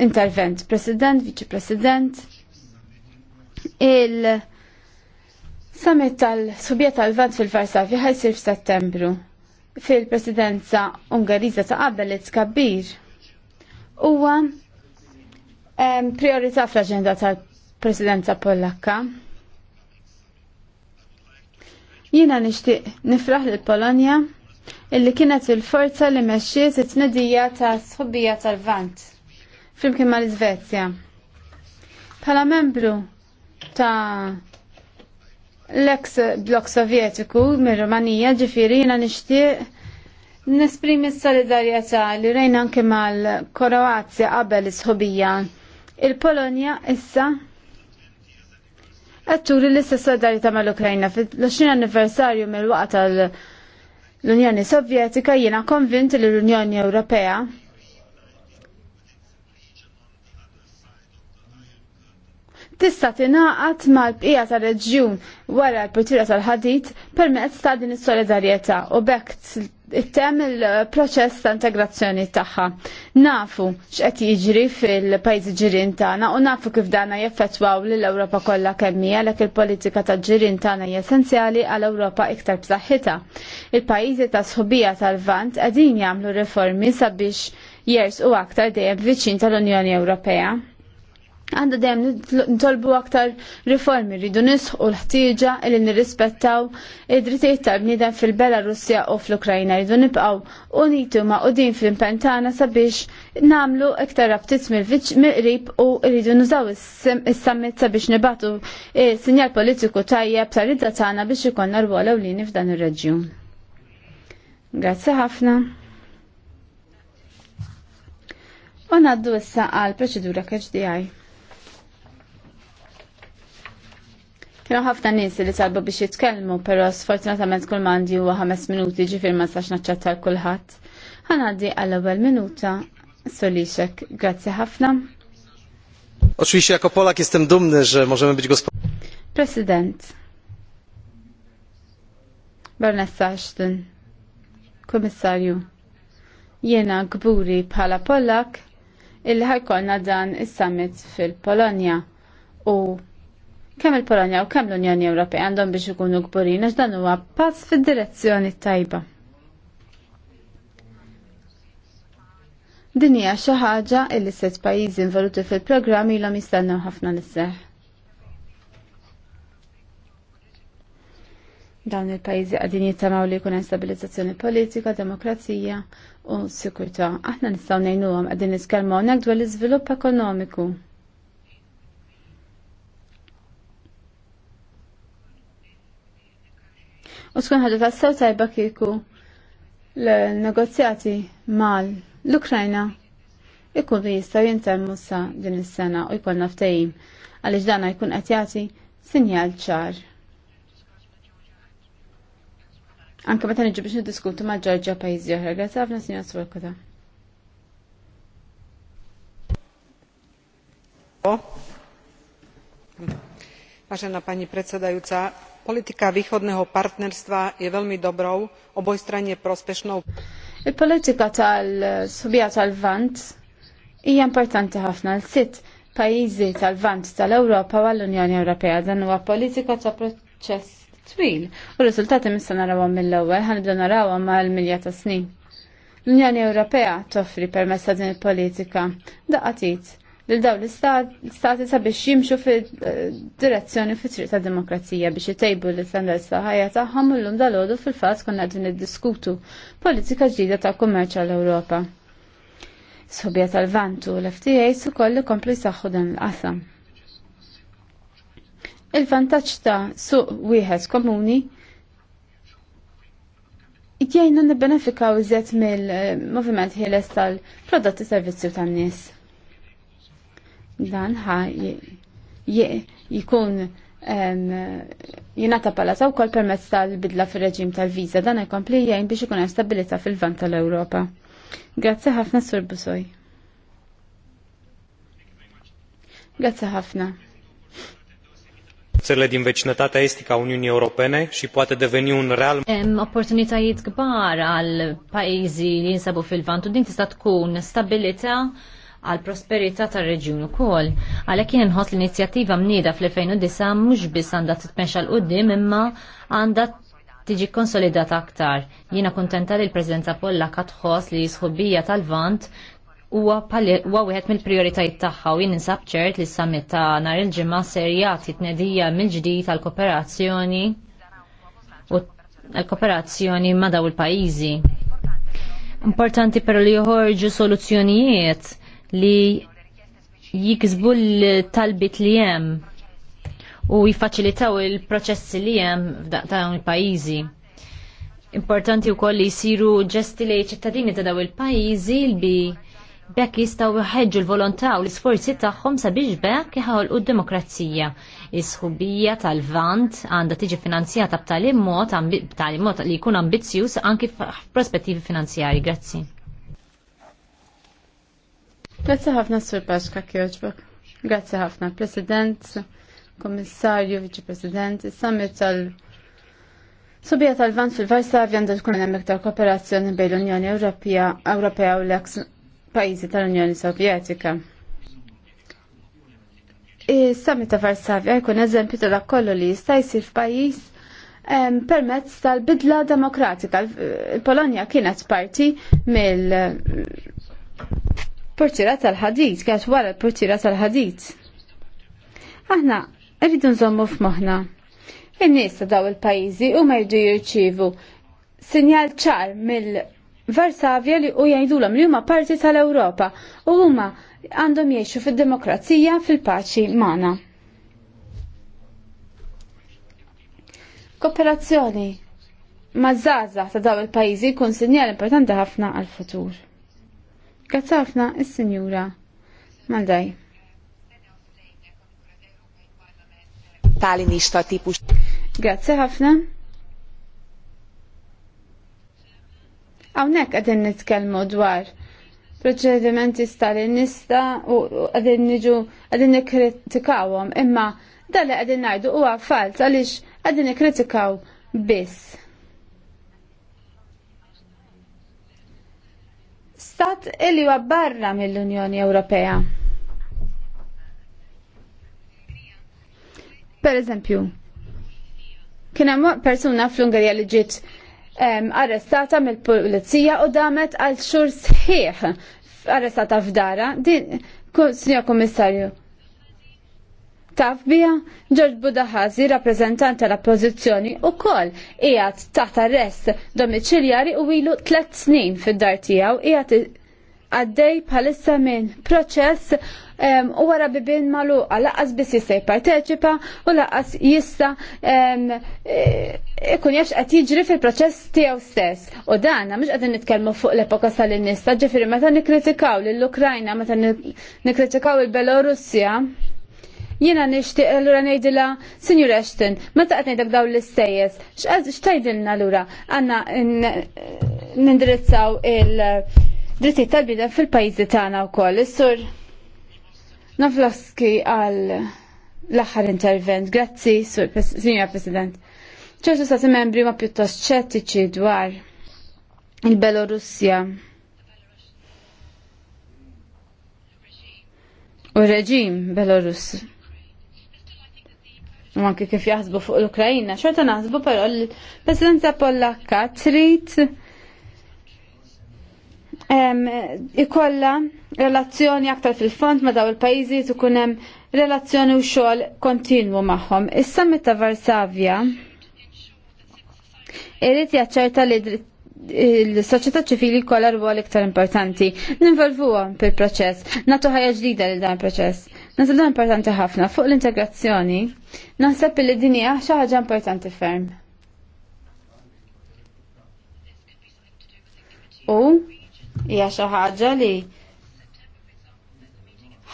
intervent, president, viċi president, il summit tal-subjet tal-vant fil-Varsavi ħajsir f'Settembru fil-presidenza Ungariża ta' qabel kabbir Uwa Huwa priorità fl-aġenda tal-presidenza Pollakka. Jiena nixtieq nifraħ l Polonja illi kienet il-forza li mexxiet it-tnedija ta' sħubija tal-Vant flimkien mal-Iżvezja. Bħala membru ta' l-ex blok sovjetiku mir rumanija ġifiri jiena nixtieq nesprimi s-solidarjetà li rejna anke mal-Kroazja qabel is-sħubija. Il-Polonja issa Għattur l-istess solidarita mal-Ukrajna fil-20 anniversarju mill-waqt tal l-Unjoni Sovjetika jiena konvint li l-Unjoni Ewropea tista' tingħaqad mal-bqija tar-reġjun wara l-portira tal-ħadid permezz ta' din is-solidarjetà u bekk tem il-proċess ta' integrazzjoni tagħha. Nafu x'qed jiġri fil-pajjiżi ġirien tagħna u nafu kif dana jeffettwaw lil Ewropa kollha kemm hija għalhekk il-politika ta' ġirien tagħna hija essenzjali għal Ewropa iktar b'saħħitha. Il-pajjiżi ta' sħubija tal-Vant qegħdin jagħmlu riformi sabiex jersqu aktar dejjem viċin tal-Unjoni Ewropea għanda dem nitolbu aktar riformi rridu nisħu l-ħtieġa li nirrispettaw id-drittijiet tal-bniedem fil-Belarusja u fl-Ukrajna rridu nibqaw unitu ma' udin fl-impentana sabiex namlu iktar rabtiet mill-qrib u rridu nużaw is-summit sabiex nibatu sinjal politiku tajjeb tal-idda tagħna biex ikollna rwol ewlieni f'dan ir-reġjun. Grazzi ħafna. U naddu issa għal proċedura KHDI. Kienu ħafna nies li talbu biex jitkellmu, però sfortunatament kull mandi huwa ħames minuti ġifir ma sax naċċetta kulħadd. Ħanaddi għall-ewwel minuta Solixek, grazzi ħafna. Oczywiście jako Polak jestem dumny, że możemy być gospodarzami. Prezydent. Barnessa Ashton. Komissarju. Jena gburi bħala Polak il ħajkolna dan is-summit fil-Polonja u kemm il-Polonja u kemm l-Unjoni Ewropea għandhom biex ikunu kburin għax dan huwa pass fid-direzzjoni tajba. Din hija xi ħaġa li sitt pajjiżi involuti fil-programm ilhom jistennew ħafna nisseħ. Dawn il-pajjiżi qegħdin jittamaw li jkun hemm stabilizzazzjoni politika, demokrazija u sikurtà. Aħna nistgħu ngħinuhom qegħdin nitkellmu hawnhekk dwar l-iżvilupp ekonomiku. u tkun ħaġa tassew tajba kieku l-negozjati mal l-Ukrajna li jistaw jintemmu sa din is-sena u jkollna ftehim għaliex dana jkun qed jagħti sinjal ċar. Anke meta niġu biex niddiskutu ma' Ġorġja pajjiżi oħra, grazzi ħafna Sinjor Swoboda. Ważna pani predsedajúca, politika východného partnerstva je veľmi dobrou, obojstranne prospešnou. Il-politika tal-subija tal-vant hija importanti ħafna l sitt pajjiżi tal-vant tal-Ewropa u għall-Unjoni Ewropea dan huwa politika ta' proċess twil u r-riżultati mista narawhom mill-ewwel ħanibda narawhom mal-milja ta' snin. L-Unjoni Ewropea toffri permezz ta' din il-politika daqatit l dawn l-istati sabiex jimxu fi eh, direzzjoni triq ta' demokrazija biex jtejbu l-istandards ta' ħajja tagħhom illum dalodu fil-fatt konna qegħdin niddiskutu politika ġdida ta' kummerċ għall Ewropa. Sobja tal-Vantu l-FTA li kompli saħħu dan l-qasam. Il-vantaġġ ta' suq wieħed komuni jgħinna nibbenefikaw iżjed mill-moviment eh, ħieles tal-prodotti servizzju tan-nies dan ħa jikun jinata palata u kol permezz tal-bidla fil-reġim tal-viza dan ikompli jgħin biex ikun hemm stabilità fil-vant tal-Ewropa. Grazzi ħafna Sur Busoj. Grazzi ħafna. Țările din vecinătatea estică a Uniunii Europene și poate deveni un real... Em opportunitajiet kbar għal pajizi li jinsabu fil-vantu din tista' tkun stabilita' għal prosperità tar-reġjun ukoll. Għalhekk kien inħoss l-inizjattiva mnieda fl-2009 mhux biss għandha titmexxa l qudiem imma għandha tiġi konsolidata aktar. Jiena kuntenta li l-Presidenza Pollaka tħoss li sħubija tal-Vant huwa huwa wieħed mill-prijoritajiet tagħha u jien insab ċert li s-summit ta' nhar il-ġimgħa serjat jitnedija mill-ġdid tal kooperazzjoni u l-kooperazzjoni ma' daw il-pajjiżi. Importanti però li joħorġu soluzzjonijiet li jikzbu l-talbit li jem u jifacilitaw il-proċessi li jem f'daqtawn il-pajizi. Importanti u koll li jisiru ġesti li ċittadini ta' daw il-pajizi bi bekk jistaw jħedġu l-volontà u l-sforzi tagħhom sabiex bekk iħolqu d-demokrazija. Is-ħubija tal-vant għandha tiġi finanzjata b'tali mod li jkun ambizzjuż anki f'prospettivi finanzjari. Grazzi. Grazzi ħafna Sur Paxka Kjoġbok. Grazzi ħafna President, Komissarju, Viċi President, Summit tal- Subija tal-vant fil-Varsavja għandu tkun hemm iktar kooperazzjoni bejn l-Unjoni Ewropea Ewropea u l-eks pajjiżi tal-Unjoni Sovjetika. Is-summit ta' Varsavja jkun eżempju tal dak kollu li jista' jsir f'pajjiż permezz tal-bidla demokratika. Il-Polonja kienet parti mill portira tal-ħadid, għat wara l-portira tal-ħadid. Aħna, rridu nżommu f'moħna. In-nies ta' daw il-pajjiżi u ma jridu jirċievu sinjal ċar mill-Varsavja li u jgħidulhom li huma parti tal-Ewropa u huma għandhom jgħixu fid-demokrazija fil-paċi magħna. Kooperazzjoni ma' zaza ta' daw il-pajjiżi jkun sinjal importanti ħafna għal-futur. Kazzafna il-Sinjura Maldaj. Talinista tipux. Grazie ħafna. Għawnek għadin nitkelmu dwar proċedimenti stalinista u għadin niġu għadin nikritikawom imma dal għadin najdu u għafalt għalix għadin nikritikaw biss. stat illi huwa barra mill-Unjoni Ewropea. Per eżempju, kien hemm persuna fl-Ungerija li ġiet arrestata mill-pulizija u damet għal xhur sħiħ arrestata f'dara. Din, Signor Kommissarju, taf bija George Budaħazi, rappresentant tal-appożizzjoni, u kol ijat taħt arrest domiċiljari u ilu tlet snin fid-dar tijaw ijat għaddej bħalissa minn proċess u wara bibin malu laqqas biss jista' jipparteċipa u laqqas jista e, ikun jax qed jiġri fil-proċess tiegħu stess. U dan mhux qegħdin nitkellmu fuq l-epoka stalinista, ġifieri meta nikkritikaw lill-Ukrajna, meta nikkritikaw il-Belorussja, Jiena nixtieq allura ngħidilha Sinjur Ashton, meta qed nejdak dawn l-istejjes, x'tajdilna l-ura, għandna nindirizzaw il-drittijiet tal-bida fil-pajjiżi tagħna wkoll. Is-sur Navlaski għal l-aħħar intervent. Grazzi, Sinjor President. ċaċu sa' membri ma pjuttost ċettiċi dwar il-Belorussja. u reġim Belarus u anke kif jaħsbu fuq l-Ukrajina, xorta naħsbu però l-Presidenza Pollakka trid ikolla relazzjoni aktar fil-fond ma daw il-pajjiżi tu hemm relazzjoni u xogħol kontinwu magħhom. Is-summit ta' Varsavja irid jaċċerta li l-soċjetà ċivili kollha rwol iktar importanti. Ninvolvuhom fil-proċess, nagħtu ħajja ġdida lil dan il-proċess Nasib dan importanti ħafna fuq l-integrazzjoni, naħseb li din hija xi ħaġa importanti ferm. U hija xi ħaġa li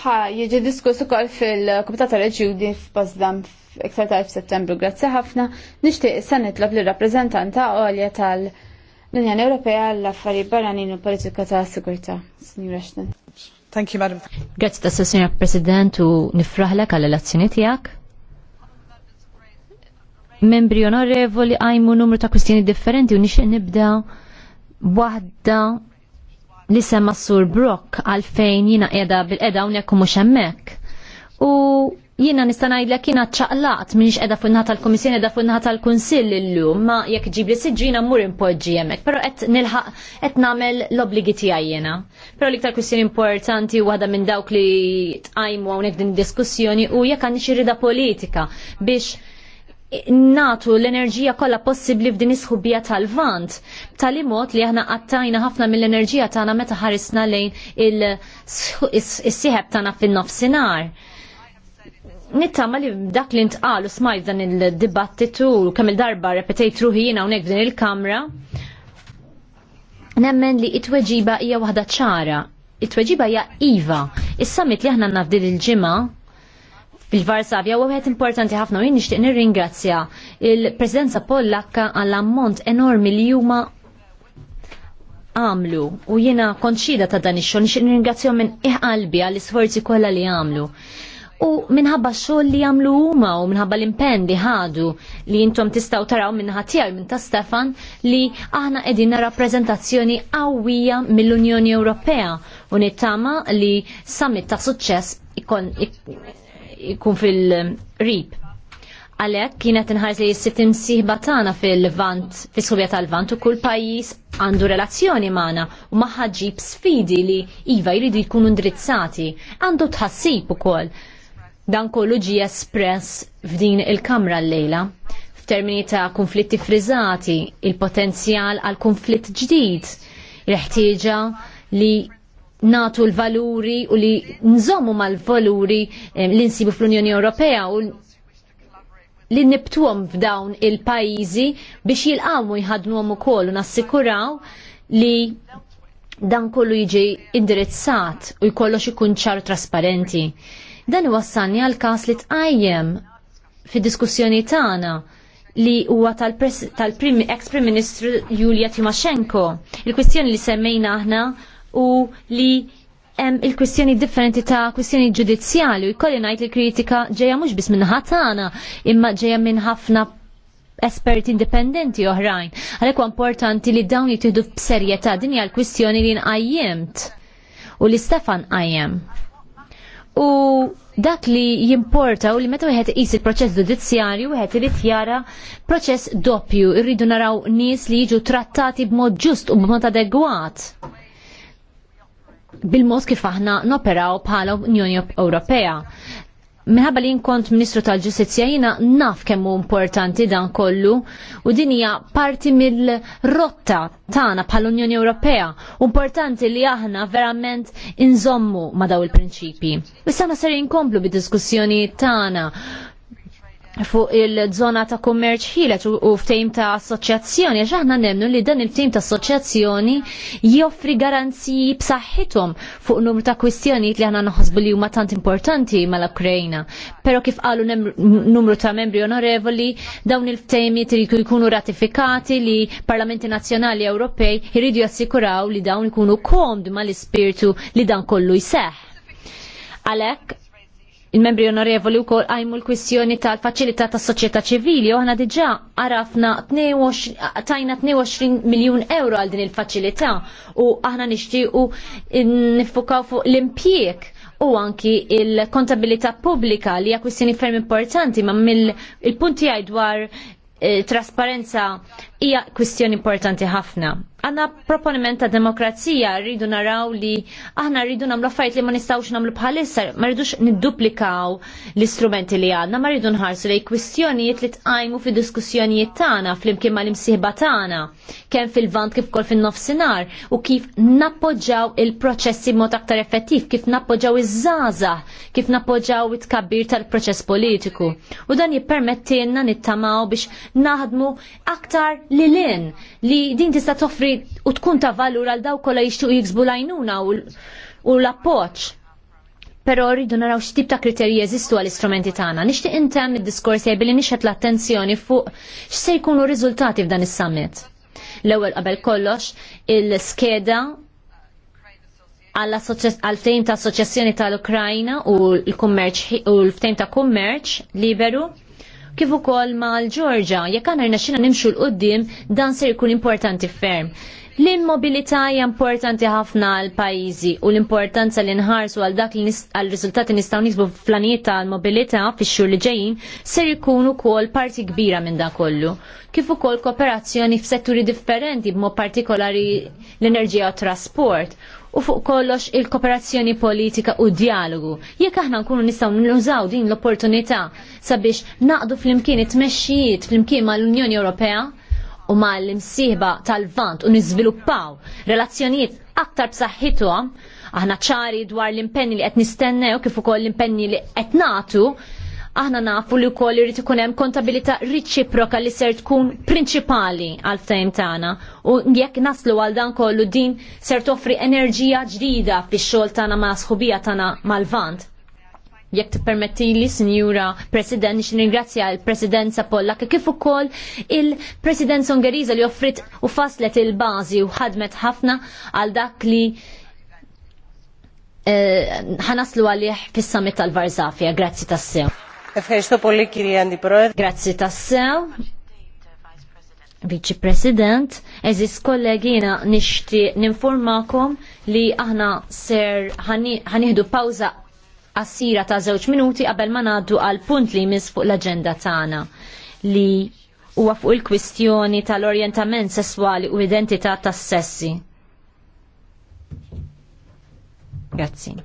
ħa jiġi diskuss ukoll fil-Kumitat tal-Reġjuni f'Potsdam iktar tard Settembru Grazzi ħafna. Nixtieq issa nitlob lir rappreżentanta għolja tal- unjoni Ewropea għall affarijiet barranin u politika ta' sigurtà, Signor Ashton. Thank you, Madam. Grazie Tassa, Signor President u nifraħlek għal elezzjoni tiegħek. Membri onorevoli għajmu numru ta' kustjoni differenti u nixtieq nibda waħda li sema Sur Brock għalfejn jina qiegħda bil edha hawnhekk kumu mhux hemmhekk. U Jiena nista' ngħidlek jiena ċaqlaqt minix qiegħda fuq naħa tal-Kummissjoni qiegħda fuq naħa tal-Kunsill illum, ma jekk ġib li siġġina mmur impoġġi hemmhekk, però qed nilħaq et nagħmel l-obbligi tiegħi jiena. Però l-iktar kwistjoni importanti waħda minn dawk li tqajmu hawnhekk din id-diskussjoni u jekk għandix irrida politika biex natu l-enerġija kollha possibbli f'din is tal-vant tal mod li aħna għattajna ħafna mill-enerġija tagħna meta ħarisna lejn il-sieħeb tagħna fin-nofsinhar nittama li dak li ntqalu smajt dan il-dibattitu kemm il-darba repetejt ruħi jiena hawnhekk din il-kamra. Nemmen li it-tweġiba hija waħda ċara. It-tweġiba hija iva. Is-summit li aħna nafdil il-ġimgħa fil-Varsavja u għet importanti ħafna u jien nixtieq nirringrazzja il-Presidenza Pollakka għall-ammont enormi li huma għamlu u jiena konċida ta' dan ix-xogħol nixtieq nirringrazzjahom minn iħqalbi għall-isforzi kollha li għamlu. U minħabba xogħol li jagħmlu huma u minħabba l-impendi ħadu li intom tistgħu taraw minnha tiegħu minn ta' Stefan li aħna qegħdin nara rappreżentazzjoni qawwija mill-Unjoni Ewropea u nittama li summit ta' suċċess ikun, ikun fil-rib. Għalhekk kienet inħarż li s-sitt tagħna fil-Vant, fis-Subja tal-Vant u kull pajjiż għandu relazzjoni magħna u ma' ġib sfidi li iva jridu jkunu ndrizzati, għandu tħassib ukoll Dan kollu ġie espress f'din il-kamra l-lejla. F'termini ta' konflitti frizzati, il-potenzjal għal konflitt ġdid, il-ħtieġa li natu l-valuri u li nżommu mal-valuri eh, li nsibu fl-Unjoni Ewropea u li nibtuhom f'dawn il-pajjiżi biex jilqawmu jħadnuhom ukoll u nassikuraw li dan kollu jiġi indirizzat u jkollox ikun ċar trasparenti. Dan wassani għal każ li tqajjem fid-diskussjoni tagħna li huwa tal-prim ex-Prim Ministru Julia Timoshenko. Il-kwistjoni li semmejna aħna u li hemm il-kwistjoni differenti ta' kwistjoni ġudizzjali u jkolli ngħid il-kritika ġejja mhux biss minn tagħna imma ġejja minn ħafna esperti indipendenti oħrajn. Għalhekk importanti li dawn jittieħdu b'serjetà din hija l-kwistjoni li nqajjemt u li Stefan qajjem. U dak li jimporta u li meta wieħed iqis il-proċess ġudizzjarju wieħed irid jara proċess doppju, irridu naraw nies li jiġu trattati b'mod ġust u b'mod adegwat bil-mod kif aħna noperaw bħala Unjoni Ewropea minħabba li nkont Ministru tal-Ġustizzja jina naf kemm hu importanti dan kollu u din hija parti mill-rotta tagħna bħall-Unjoni Ewropea. Importanti li aħna verament inżommu ma' daw il-prinċipji. Issa ma ser inkomplu bid-diskussjoni tagħna fuq il-zona ta' kummerċ ħilet u ftejm ta' assoċjazzjoni, għax aħna nemnu li dan il-ftejm ta' assoċjazzjoni joffri garanziji b'saħħithom fuq numru ta' kwistjonijiet li aħna naħsbu li huma tant importanti mal-Ukrajna. Però kif qalu numru ta' membri onorevoli, dawn il-ftejmiet iridu jkunu ratifikati li parlamenti nazzjonali Ewropej jridu jassikuraw li dawn ikunu komd mal-ispirtu li dan kollu jseħħ. Għalhekk il-membri onorevoli u kol għajmu l-kwissjoni tal-facilità tas soċjetà ċivili, u għana diġa għarafna tajna 22 miljon euro għal din il-facilità u aħna u nifukaw fuq l impiek u anki il-kontabilità pubblika li hija ferm importanti ma mill-punti għaj dwar eh, trasparenza hija kwistjoni importanti ħafna. Għanna proponiment ta' demokrazija rridu naraw li aħna rridu nagħmlu affarijiet li ma nistgħux nagħmlu bħalissa, ma rridux nidduplikaw l-istrumenti li għandna, ma rridu nħarsu li kwistjonijiet li tqajmu fi diskussjonijiet tagħna flimkien mal imsieħba tagħna, kemm fil-vant kif kol fin-nofsinhar u kif nappoġġaw il-proċessi mod aktar effettiv, kif nappoġġaw iż żaża kif nappoġġaw it-kabbir tal-proċess politiku. U dan jippermettilna nittamaw biex naħdmu aktar li lin li din tista' toffri u tkun ta' valur għal daw kollha jixtuq jiksbu lajnuna u l-appoġġ. Pero rridu naraw x'tip ta' kriterji jeżistu għall istrumenti tagħna. Nixtieq intemm id-diskors billi nixħet l-attenzjoni fuq x'se jkunu riżultati f'dan is-summit. L-ewwel qabel kollox il-skeda għal ftehim ta' Assoċjazzjoni tal-Ukrajna u l-kummerċ u l-ftejn ta' kummerċ liberu kif ukoll mal-Ġorġa. Jekk għandna rnexxina nimxu l qudiem dan se jkun importanti ferm. L-immobilità hija importanti ħafna għal pajjiżi u l-importanza li nħarsu għal dak għal riżultati nistgħu nisbu fl tal-mobilità fix-xhur li ġejjin ser ikun wkoll parti kbira minn dan kollu. Kif ukoll kooperazzjoni f'setturi differenti b'mod partikolari l-enerġija u trasport u fuq kollox il-kooperazzjoni politika u dialogu. Jekk aħna nkunu nistgħu nużaw din l-opportunità sabiex naqdu flimkien it-tmexxijiet flimkien mal-Unjoni Ewropea u mal-imsieħba tal-vant u niżviluppaw relazzjonijiet aktar b'saħħithom, aħna ċari dwar l-impenni li qed nistennew kif ukoll l-impenni li qed nagħtu Aħna nafu li wkoll irid ikun hemm kontabilità riċiproka li ser tkun prinċipali għal tagħna u jekk naslu għal dan kollu din ser toffri enerġija ġdida fix-xogħol tagħna ma' sħubija tagħna mal-vant. Jekk tippermetti li, Sinjura President, nix ringrazzja l-Presidenza Pollak kif ukoll il-Presidenza Ungeriża li offrit u faslet il-bażi u ħadmet ħafna għal dak li eh, ħanaslu għalih fis-summit tal-Varzafja. Grazzi tassew. Ευχαριστώ πολύ κυρία Αντιπρόεδρε. Grazie tassew. Vice President, eżis kollegina nishti ninformakom li aħna ser ħaniħdu pawza għassira ta' żewġ minuti qabel ma ngħaddu għal punt li jmiss fuq l-aġenda tagħna li huwa fuq il-kwistjoni tal-orjentament sesswali u identità tas-sessi. Grazzi.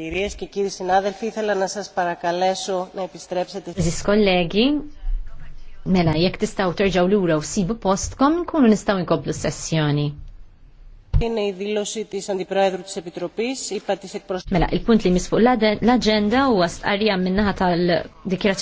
Κυρίες και κύριοι συνάδελφοι, ήθελα να σας παρακαλέσω να επιστρέψετε. Ζεις κολέγοι, mela, jek tistaw terġaw lura u sibu postkom, nkunu nistaw nkomplu sessjoni. Είναι η δήλωση της Αντιπρόεδρου της Επιτροπής, είπα της εκπροσώπησης. Mela, il-punt li misfuq l-agenda u għastqarja tal